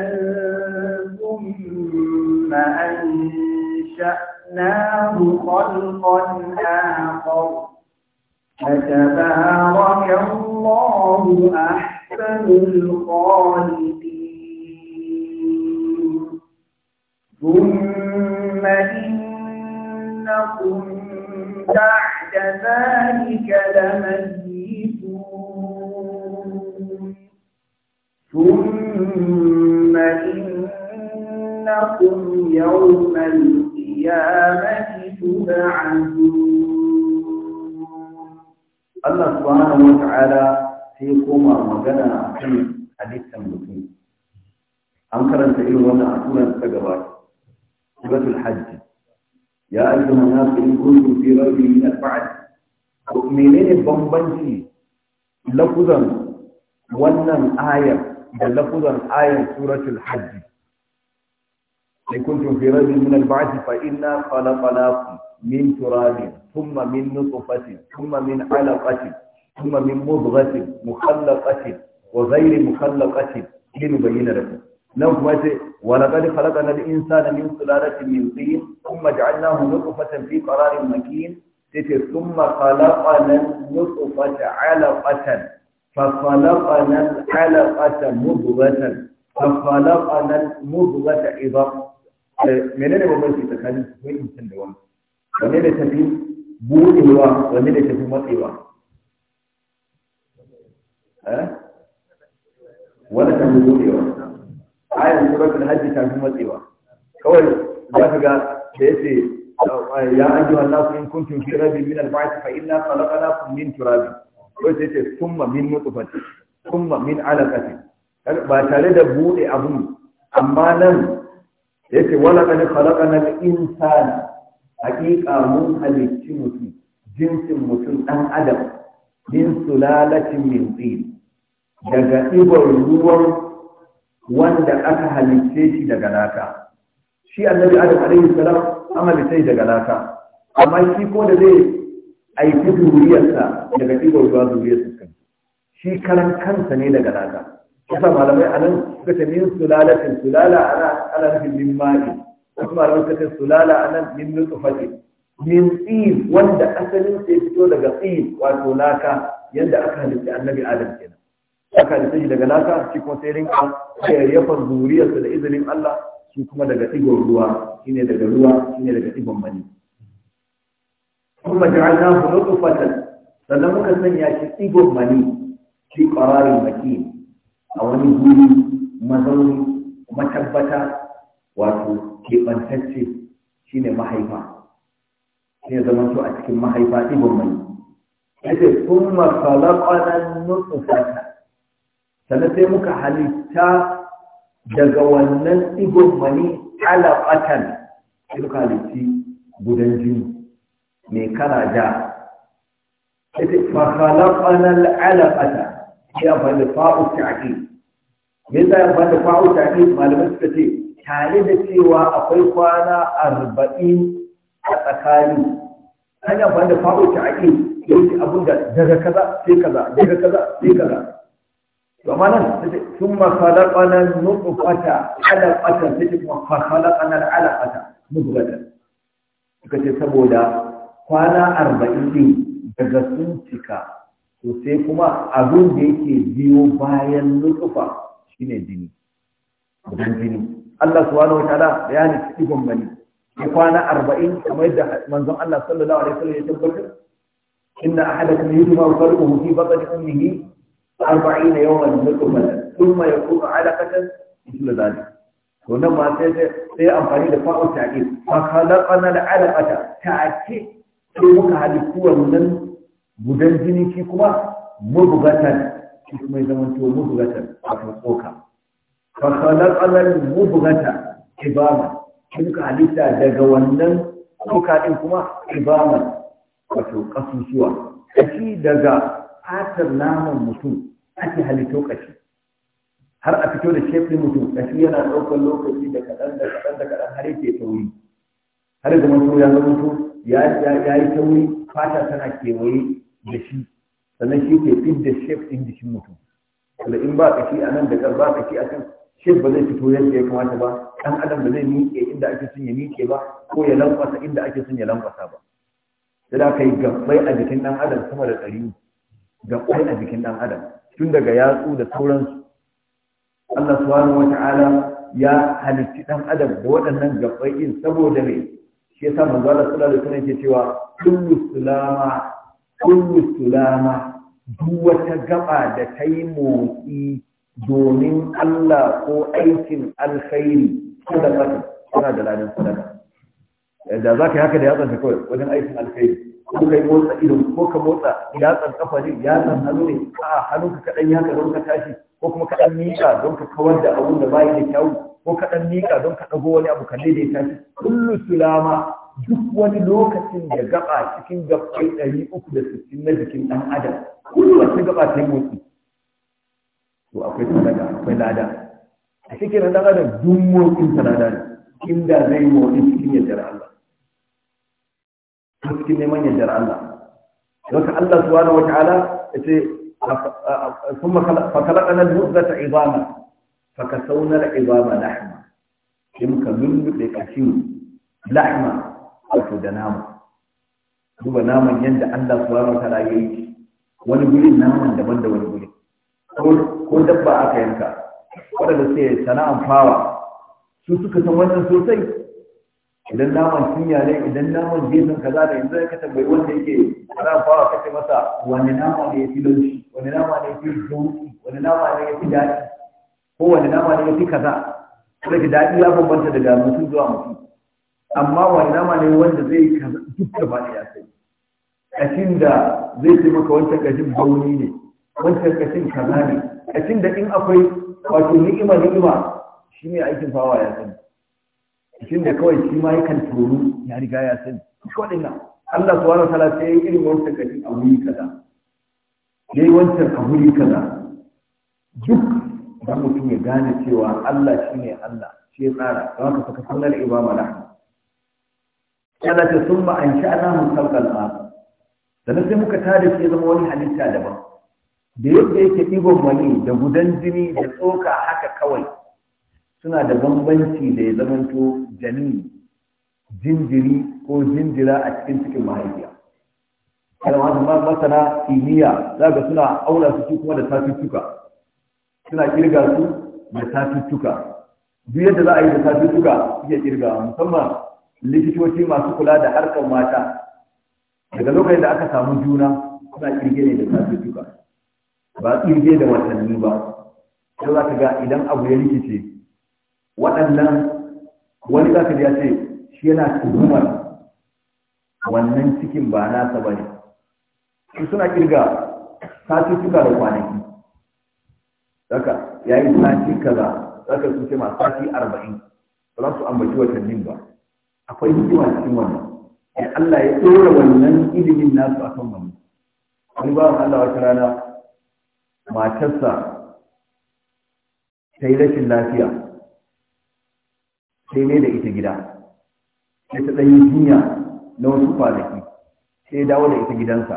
ثم أنشأناه أنشأناه خلقا آخر فتبارك الله أحسن الخالقين ثم إنكم بعد ذلك لميتون ثم إنكم يوم allah تبعثون الله سبحانه وتعالى sai koma magana a kan halittar mutum an karanta irin wannan a turan ta gaba suratul hajji. ya ayyuha nasu in kuntum fi raybin min al-ba'd ko menene bambanci lafuzan wannan ayar da lafuzan ayar suratul hajji. إن كنتم في رجل من البعث فإنا خلقناكم من تراب ثم من نطفة ثم من علقة ثم من مضغة مخلقة وغير مخلقة لنبين لكم نوم ولقد خلقنا الإنسان من سلالة من طين ثم جعلناه نطفة في قرار مكين ثم خلقنا النطفة علقة فخلقنا العلقة مضغة فخلقنا المضغة عظام Eh, menene bambanci tsakanin wani mutum da wani wani ne tafi buɗewa wani ne tafi matsewa eh? wani ta tafi buɗewa ayan suratul hajji ta fi matsewa kawai za ka ga da yace ya ayyuha an-nasu in kuntum fi rabi min al na fa inna khalaqnakum min turabi ko sai ce thumma min nutfatin thumma min alaqatin ba tare da buɗe abu amma nan da yake wala kan khalaqana insana haqiqa mun halicci mutum jinsin mutum dan adam min sulalatin min tin daga ibon ruwan wanda aka halicce shi daga laka shi annabi adam alaihi salam an sai daga laka amma shi ko da zai aiki zuriyarsa daga ibon ruwa zuriyarsa kan shi karan kansa ne daga laka yasa malamai anan suka ce min sulalatin sulala ana ana nufin min mali wasu malaman suka ce sulala anan min nutfati min tsib wanda asalin sai fito daga tsib wato laka yadda aka halitta annabi adam kenan aka halitta shi daga laka shi kuma sai rinka yayyafar zuriyarsa da izinin Allah shi kuma daga digon ruwa shine daga ruwa shine daga digon mani kuma ja'alnahu nutfatan sannan muka sanya shi digon mani shi qararin makin a wani guri mazauni matabbata wato keɓantacce shi ne mahaifa shi zama to a cikin mahaifa ɗigon mai yake sun mafalaƙanan nutsufata sannan sai muka halitta daga wannan ɗigon mani alaƙatan sai muka halitti gudan jini mai kara ja yake fafalaƙanan alaƙata ya bani fa'u ta'aƙi me yasa ya bani fa'u ta'aƙi malamai suka ce tare da cewa akwai kwana arba'in a tsakani an amfani da fa'o ta ake yanki abin da daga kaza sai kaza daga kaza sai kaza to amma nan sun ma khalaqana nutfata alaqatan sai kuma khalaqana alaqata mudghatan suka ce saboda kwana arba'in din daga sun cika to sai kuma abin da yake biyo bayan shi shine jini gudan jini Allah subhanahu wataala bayanin digon bane ya kwana arba'in kamar yadda manzon Allah sallallahu alaihi wasallam ya tabbatar inna ahadakum yujma'u khalquhu fi batni ummihi 40 yawman nutfatan thumma yakunu 'alaqatan mithla dhalik to nan ma sai sai amfani da fa'u ta'id fa khalaqana al-'alaqata ta'ati sai muka halittu wannan gudan jini shi kuma mabugatan shi kuma ya zama to mabugatan a tsoka fa khalaqana al-mubghata ibama muka halitta daga wannan kuka din kuma ibaman wato kasusuwa kashi daga fatar naman mutum ake halitto kashi har a fito da shefin mutum kashi yana ɗaukar lokaci da kaɗan da kaɗan da kaɗan har yake tauri har da mutum ya zama mutum ya yi tauri fata tana kewaye da shi sannan shi ke fit da shefin ɗin jikin mutum wanda in ba kashi a nan da ba kashi a kan? shi ba zai fito yadda ya kamata ba ɗan adam ba zai miƙe inda ake son ya miƙe ba ko ya lankwasa inda ake son ya lankwasa ba da aka yi gabbai a jikin ɗan adam sama da ɗari gabbai a jikin ɗan adam tun daga yatsu da sauransu Allah subhanahu ta'ala ya halitti ɗan adam da waɗannan gabbai ɗin saboda me shi yasa manzo Allah sallallahu alaihi wasallam ke cewa kullu sulama kullu sulama duk wata gaba da ta yi motsi domin Allah ko aikin alkhairi ko sadaka kana da ladan sadaka da za ka yi haka da yatsan ka wajen aikin alkhairi ko kai motsa ido ko ka motsa yatsan kafa ne yatsan hannu ne a hannunka ka dan haka don ka tashi ko kuma ka dan miƙa don ka kawar da abun da bai da kyau ko ka dan miƙa don ka dago wani abu ka daidaita tashi. kullu sulama duk wani lokacin da gaba cikin gabbai 360 na jikin dan adam kullu wata gaba ta yi motsi to akwai sadaka akwai lada a cikin nan dan adam duk motsin lada ne inda zai yi motsi cikin yardar Allah cikin neman yardar Allah don Allah subhanahu wataala yace ثم فخلقنا المؤذة عظاما فكسونا العظام لحما يمكن من لكشيو لحما da nama. duba naman yadda Allah subhanahu wa ta'ala yayi wani gurin naman daban da wani ko dabba aka yanka waɗanda suke sana'an fawa su suka san wannan sosai idan naman cinya ne idan naman gefen kaza da yanzu ka tambayi wanda yake sana'an fawa kace masa wani nama ne ya fi laushi wani nama ne ya fi zauki wani nama ne ya fi daɗi ko wani nama ne ya fi kaza kuma ki daɗi ya bambanta daga mutum zuwa mutum amma wani nama ne wanda zai kaza duk da ba ya sai kashin da zai taimaka wancan kashin bauni ne wancan kashin kaza ne kashin da in akwai wato ni'ima ni'ima shi ne aikin fawa ya sani kashin da kawai shi ma yakan toru ya riga ya sani shi waɗannan Allah subhanahu wa ta'ala sai ya irin wancan kashin a wuri kaza yayi wancan a wuri kaza duk da mutum ya gane cewa Allah shi ne Allah shi ya tsara don haka saka sallar ibama na Allah ta summa an sha'ana mun kalkal ba. na sai muka tada shi ya zama wani halitta daban da yadda yake ɗigon wani da gudan jini da tsoka haka kawai suna da bambanci da ya zamanto janin jinjiri ko jinjira a cikin cikin mahaifiya kada ma masana kimiyya za ga suna auna su kuma da satuttuka suna kirga su da satuttuka duk yadda za a yi da satuttuka suke kirga musamman likitoci masu kula da harkar mata daga lokacin da aka samu juna suna kirge ne da satuttuka ba kirge da watanni ba sai za ka ga idan abu ya rikice waɗannan wani za ka ya ce shi yana tuhumar wannan cikin ba nasa ba ne suna kirga sati suka da kwanaki daga ya yi sati kaza daga su ce ma sati arba'in ba za su ambaci watannin ba akwai hikima cikin wannan Allah ya ɗora wannan ilimin nasu a kan wani wani wa Allah wata rana matarsa ta yi rashin lafiya sai ne da ita gida sai ta ɗanyi jinya na wasu kwanaki sai dawo da ita gidansa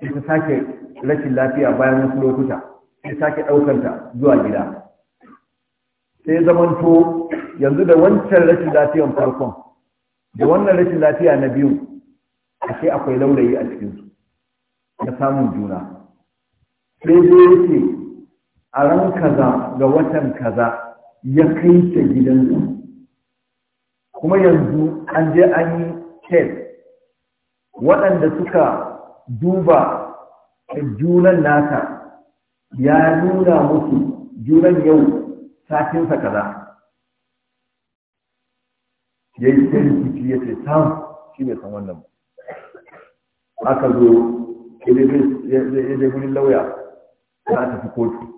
sai ta sake rashin lafiya bayan wasu lokuta sai sake ɗaukanta zuwa gida sai zamanto yanzu da wancan rashin lafiyan farkon da wannan rashin lafiya na biyu ashe akwai laulayi a cikinsu na samun juna sai zai yake a ran kaza ga watan kaza ya kai ta gidansa kuma yanzu an je an yi test waɗanda suka duba junan nata ya nuna musu junan yau satinsa kaza ya yi sai rikici ya ce sam shi bai san wannan aka zo ya je wurin lauya za a tafi kotu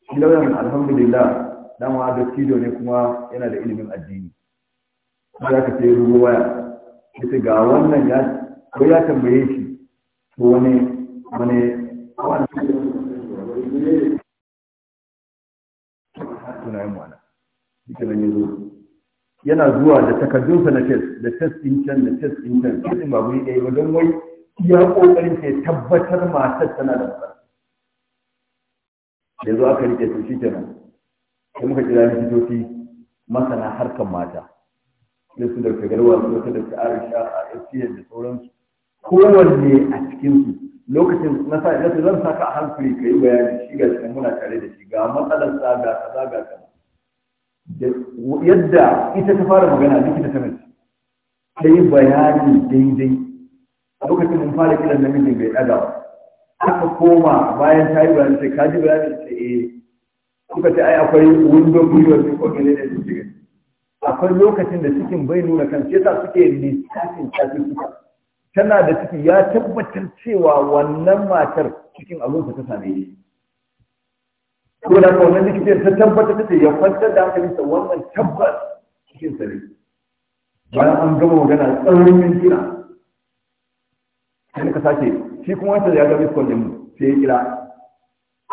shi lauyan alhamdulillah wa da cido ne kuma yana da ilimin addini za ka sai ruwa waya ita ga wannan ya ko ya tambaye shi to wani wani tunayen wani ita nan yazo yana zuwa da takardunsa na test da test din can da test din can sai ba mu yi ba don wai ya ƙoƙarin ke tabbatar matar tana da matsala da aka rike su shikenan sai muka kira likitoci masana harkar mata da su da garwa su da da aisha a fcn da sauransu kowanne a cikinsu lokacin na sa zan saka a hankali kai bayani shi ga cikin muna tare da shi ga matsalar sa ga kaza ga kaza yadda ita ta fara magana likita ta mace ta bayani daidai dai lokacin mun fara kiran namiji bai ɗaga ba aka koma bayan ta yi bayan sai kaji bayan sai eh kuka ce ai akwai window period ne ko gane da suke akwai lokacin da cikin bai nuna kan sai ta suke lissafin kafin suka tana da ciki ya tabbatar cewa wannan matar cikin abinsa ta same shi ko da ko wannan likitan ta tabbatar ta ya fanta da hankalinsa wannan tabbas cikin sare ne bayan an gama magana tsawon mintuna sai ka sake shi kuma wanda ya ga bitcoin din sai ya kira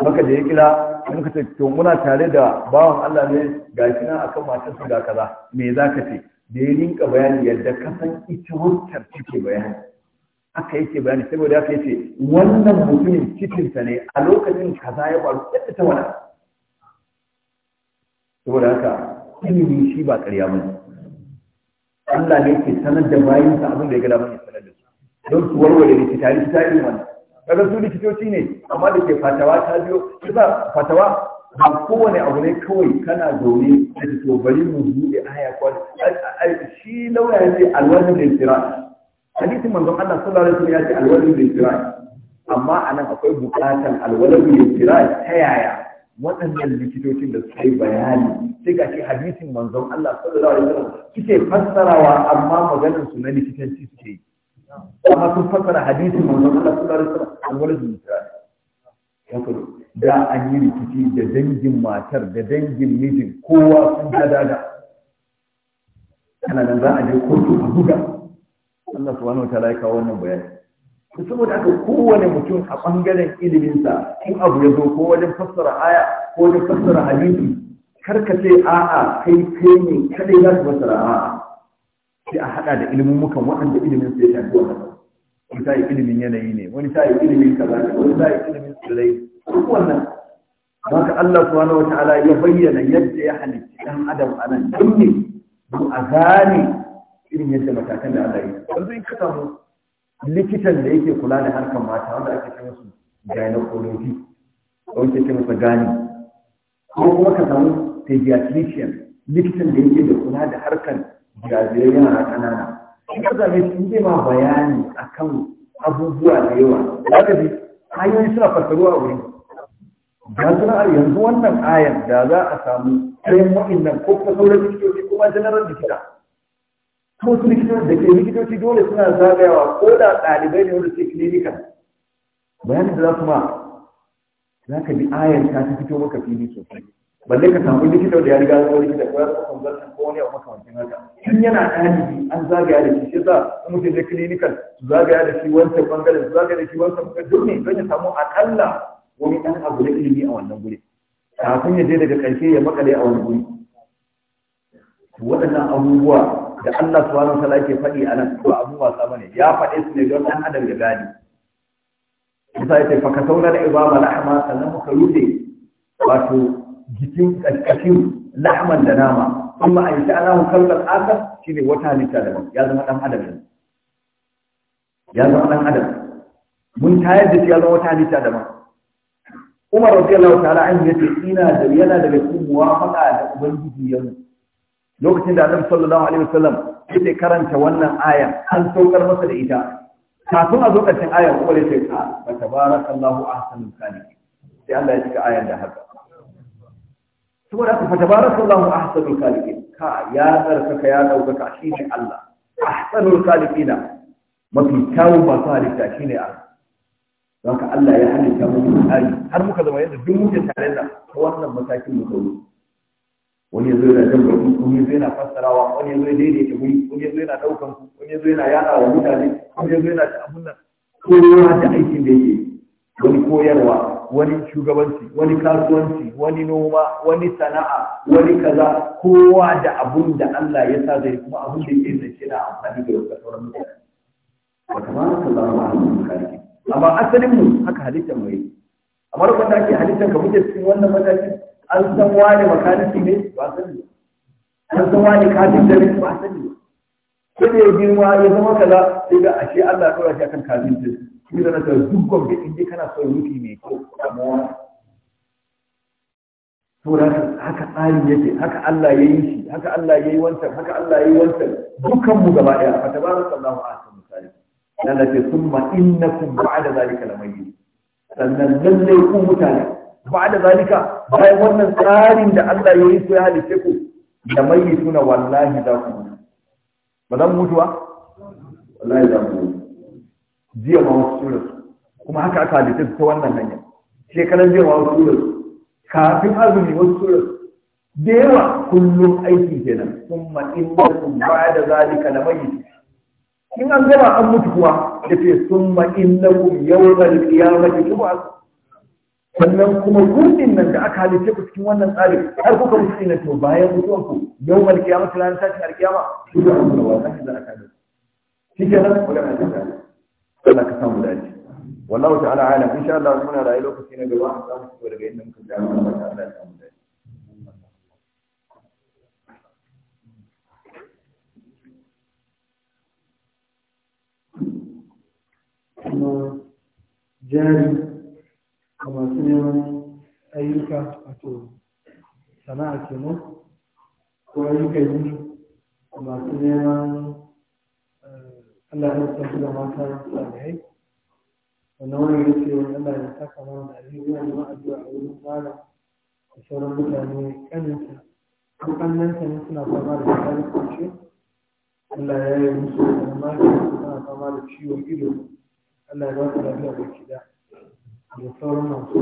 maka da ya kira in ka ce to muna tare da bawan Allah ne ga shi nan akan matar su ga kaza me za ka ce da ya rinka bayani yadda ka san ita wancan take bayani haka yake bayani saboda haka yace wannan mutumin cikinsa ne a lokacin kaza ya faru yadda ta wani saboda haka ilimi shi ba ƙarya ba Allah ne ke sanar da bayansa abin da ya gada masa don su warware likita likita irin wani. kaga su likitoci ne amma da ke fatawa ta biyo kisa fatawa ba kowane abu ne kawai kana zaune da to bari mu buɗe aya kwan shi lauya ya ce alwalin da ya hadisin manzon Allah sallallahu alaihi wasallam ya ce alwalin da ya amma anan akwai buƙatar alwalin da istira ta yaya waɗannan likitocin da suka yi bayani sai ga shi hadisin manzon Allah sallallahu alaihi wasallam kike fassarawa amma maganar su na likitanci suke yi amma sun fasara hadisi manzon Allah suna alaihi wasallam alwalid min Isra'il da an yi rikici da dangin matar da dangin mijin kowa sun ga dada ana nan za a je kotu a buga Allah su wani wata ya kawo wannan bayani saboda aka kowane mutum a ɓangaren iliminsa in abu ya zo ko wajen fassara aya ko wajen fassara hadisi karkace a'a kai kai ne kadai za su fassara a'a sai a haɗa da ilimin mukan waɗanda ilimin sai ya shafi wannan wani sa'i ilimin yanayi ne wani sa'i ilimin kaza ne wani sa'i ilimin tsirrai duk wannan ka Allah subhanahu wata'ala ya bayyana yadda ya halitta ɗan adam a nan don ne don a gane irin yadda matakan da Allah ya yi yanzu in ka samu likitan da yake kula da harkar mata wanda ake ce musu gynecology ko wanke ce musu gani ko kuma ka samu pediatrician likitan da yake da kula da harkar jajire yana ƙanana in ka zaɓe sun zai ma bayani akan abubuwa da yawa za ka ji hanyoyi suna fassaruwa a wurin ga suna yanzu wannan 'a'yan da za a samu sayan wa'innan ko kuma sauran likitoci kuma janarar likita ko su likitoci da ke likitoci dole suna zagayawa ko da ɗalibai ne wanda ke klinika. bayanin da za su ma za ka bi 'a'yan ta fito maka fili sosai balle ka samu likita da ya riga ya likita ko ya samu zartan ko wani abu makamancin haka in yana ɗalibi an zagaya da shi shi yasa in mutum je clinical su zagaya da shi wancan bangaren su zagaya da shi wancan bangaren duk ne don ya samu akalla wani ɗan abu da ilimi a wannan guri kafin ya je daga ƙarshe ya makale a wani guri waɗannan abubuwa da Allah subhanahu wa ta'ala yake faɗi a nan to abu wasa bane ya faɗe su ne don ɗan adam ya gani ya ce fa ka sauna da ibama lahama sannan muka rufe wato jikin ƙarƙashin lahman da nama kuma a yi ta alamun kalkar shi ne wata halitta daban ya zama ɗan adam ne ya zama ɗan adam mun tayar da shi ya zama wata halitta daban umar radiyallahu ta'ala an yace ina da yana da cikin muwafaqa da ubangiji ya mu lokacin da annabi sallallahu alaihi wasallam yake karanta wannan aya an saukar masa da ita kafin a zo ƙarshen aya kuma yace ka tabarakallahu ahsanul khaliqin sai Allah ya cika ayar da haka saboda haka fatabaraka Allahu ahsanul khaliqin ka ya tsarkaka ya shi ne Allah ahsanul na mafi kyawun masu halitta shi ne Allah don ka Allah ya halitta mu tsari har muka zama yadda duk muke tare da wannan matakin mu kawo wani yanzu yana jan barku wani yanzu yana fassarawa wani yanzu yana daidaita mu wani yanzu yana daukan ku wani yanzu yana yada wa mutane wani yanzu yana da abun kowa da aikin da yake wani koyarwa wani shugabanci wani kasuwanci wani noma wani sana'a wani kaza kowa da abun da Allah ya sa zai kuma abun da yake zai shina amfani da yau sauran mutane wa tabaraka ka zama kare amma asalin mu haka halittar mu yake amma da ke halittar ka muke cikin wannan matakin an san wani makaniki ne ba sani an san wani kafin da ne ba sani ba sai da ya girma ya zama kaza sai ga ashe Allah ya dora shi akan kafin shi da nasa duk gwamnati in dai kana son rufi mai kyau samu wani saboda haka tsarin yake haka Allah ya yi shi haka Allah ya yi wancan haka Allah ya yi wancan dukkan mu gaba daya fa tabaraka Allahu ahsan misali dan ce summa innakum ba'da zalika lamayyi sannan lalle ku mutane ba'da zalika bayan wannan tsarin da Allah ya yi su ya halice ku da mayyituna wallahi za ku mutu. ba zan mutuwa wallahi za ku mutu jiya ma wasu sura kuma haka aka halitta ta wannan hanya shekaran jiya ma wasu sura kafin azumi wasu sura da yawa kullum aiki kenan kuma innakum ba'da zalika lamayit in an gama an mutu kuwa yace summa innakum yawmal qiyamati tub'athun sannan kuma gudun nan da aka halitta ku cikin wannan tsarin har kuka mutu ne to bayan mutuwan ku yau mal kiyama tunanin tashin alkiyama Su da wannan wannan da aka halitta shi kenan ku da aka halitta أنا كسام بلاج والله تعالى عالم إن شاء الله ربنا لا إله كسينا بواحد ثاني ورجعنا من كل جامعة ما شاء الله كسام بلاج ما جاري Allah ya sa su mata salihai wannan wani ya ce wani Allah ya saka mana a wurin malam da sauran mutane ne suna fama da tsari Allah ya yi musu da suna fama da ciwon ido Allah ya ba su da kida da sauran masu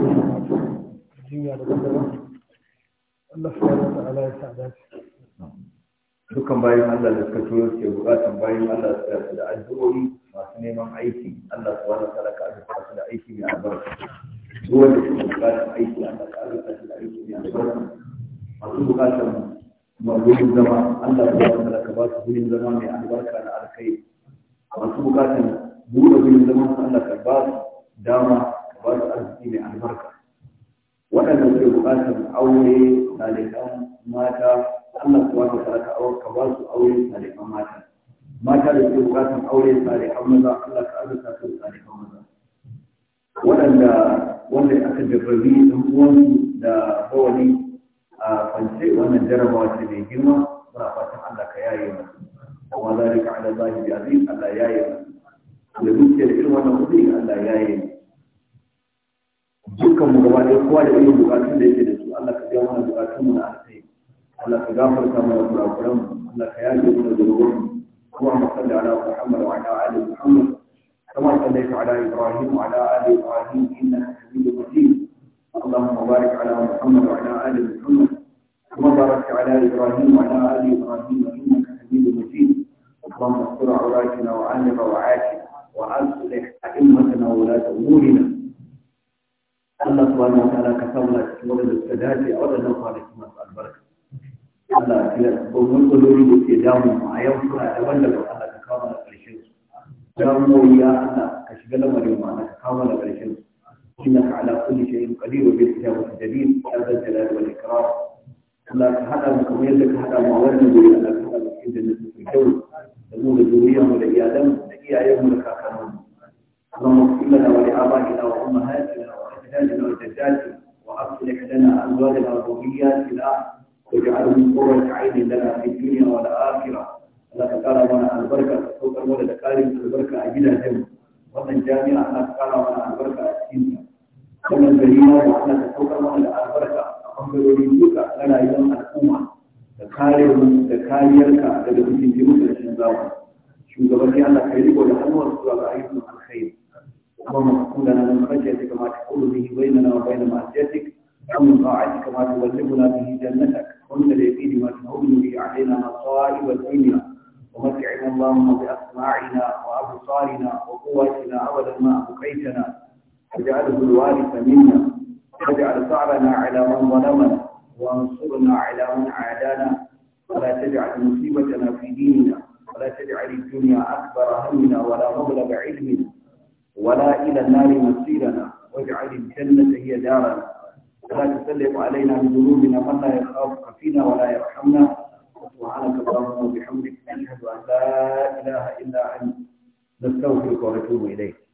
da Allah ya sa dukkan bayan Allah da suka turo ke bukatan bayan Allah su da addu'o'i masu neman aiki Allah su wani talaka azurta su da aiki mai albarka duk wanda suke bukatan aiki Allah ka azurta su da aiki mai albarka masu bukatan magurin zama Allah su wani talaka ba su gudun zama mai albarka na alkai masu bukatan buɗe gudun zama su Allah ka ba su dama ka ba su arziki mai albarka waɗanda suke bukatan aure na mata Allah kuwa ta tsara ka ba su aure salihan mata mata da ke bukatan aure salihan maza Allah ka azurta su salihan maza waɗanda wanda aka jarrabi ɗan uwan da bawani a fance wannan jarabawa ce mai girma muna fatan Allah ka yaye masu kuma zalika ala zahiri aziz Allah yaye masu da dukiyar irin wannan kudi Allah yaye masu dukkan mu gaba ɗaya kowa da irin bukatun da yake da su Allah ka biya mana bukatun mu na على ka gafarta mana على Allah ka yaje اللهم صل على محمد وعلى ال محمد كما صليت على ابراهيم وعلى ال ابراهيم انك حميد مجيد اللهم بارك على محمد وعلى ال محمد كما باركت على ابراهيم وعلى ال ابراهيم انك حميد مجيد اللهم استر عوراتنا وعن روعاتنا واصلح ائمتنا وولاة امورنا الله سبحانه وتعالى كتب لك ولد السادات ولد الخالق البركه Allah ya domin kulori da ke damu a yau suna da wanda ba Allah ka kawo da ƙarshen su damuwoyi إنك على كل شيء قدير بالكتاب الجديد هذا الجلال والإكرام لا هذا مكمل لك هذا ما ورد به أنا هذا عند في الجو تقول الدنيا ولا آدم لا يوم لك كلام اللهم اغفر لنا ولآبائنا وأمهاتنا وأجدادنا وجداتنا وأصلح لنا أزواجنا الى واجعله قرة عين لنا في الدنيا والآخرة Allah ka kara mana albarka ka saukar mana da albarka a gidajen wannan jami'a ana kara mana albarka a cikin ta wannan da Allah ka saukar mana da albarka a bangarorin duka na rayuwar al'umma da kare da kariyarka daga cikin jimu da shin zawo shugabanni Allah ka riko da hannuwar zuwa ga ayyukan alkhairi اللهم اغفر لنا من خشيتك ما تحول به بيننا وبين معصيتك عن ما وتبلغنا به جنتك ومن اليقين ما تهون به علينا مصائب الدنيا ومتعنا اللهم بأسماعنا وأبصارنا وقواتنا أبدا ما أبقيتنا واجعله الوارث منا واجعل ثأرنا على من ظلمنا وانصرنا على من عادانا ولا تجعل مصيبتنا في ديننا ولا تجعل الدنيا أكبر همنا ولا مبلغ علمنا ولا إلى النار مصيرنا واجعل الجنة هي دارنا ولا تسلم علينا بذنوبنا من لا يخافك فينا ولا يرحمنا سبحانك اللهم وبحمدك نشهد ان لا اله الا انت نستغفرك ونتوب اليك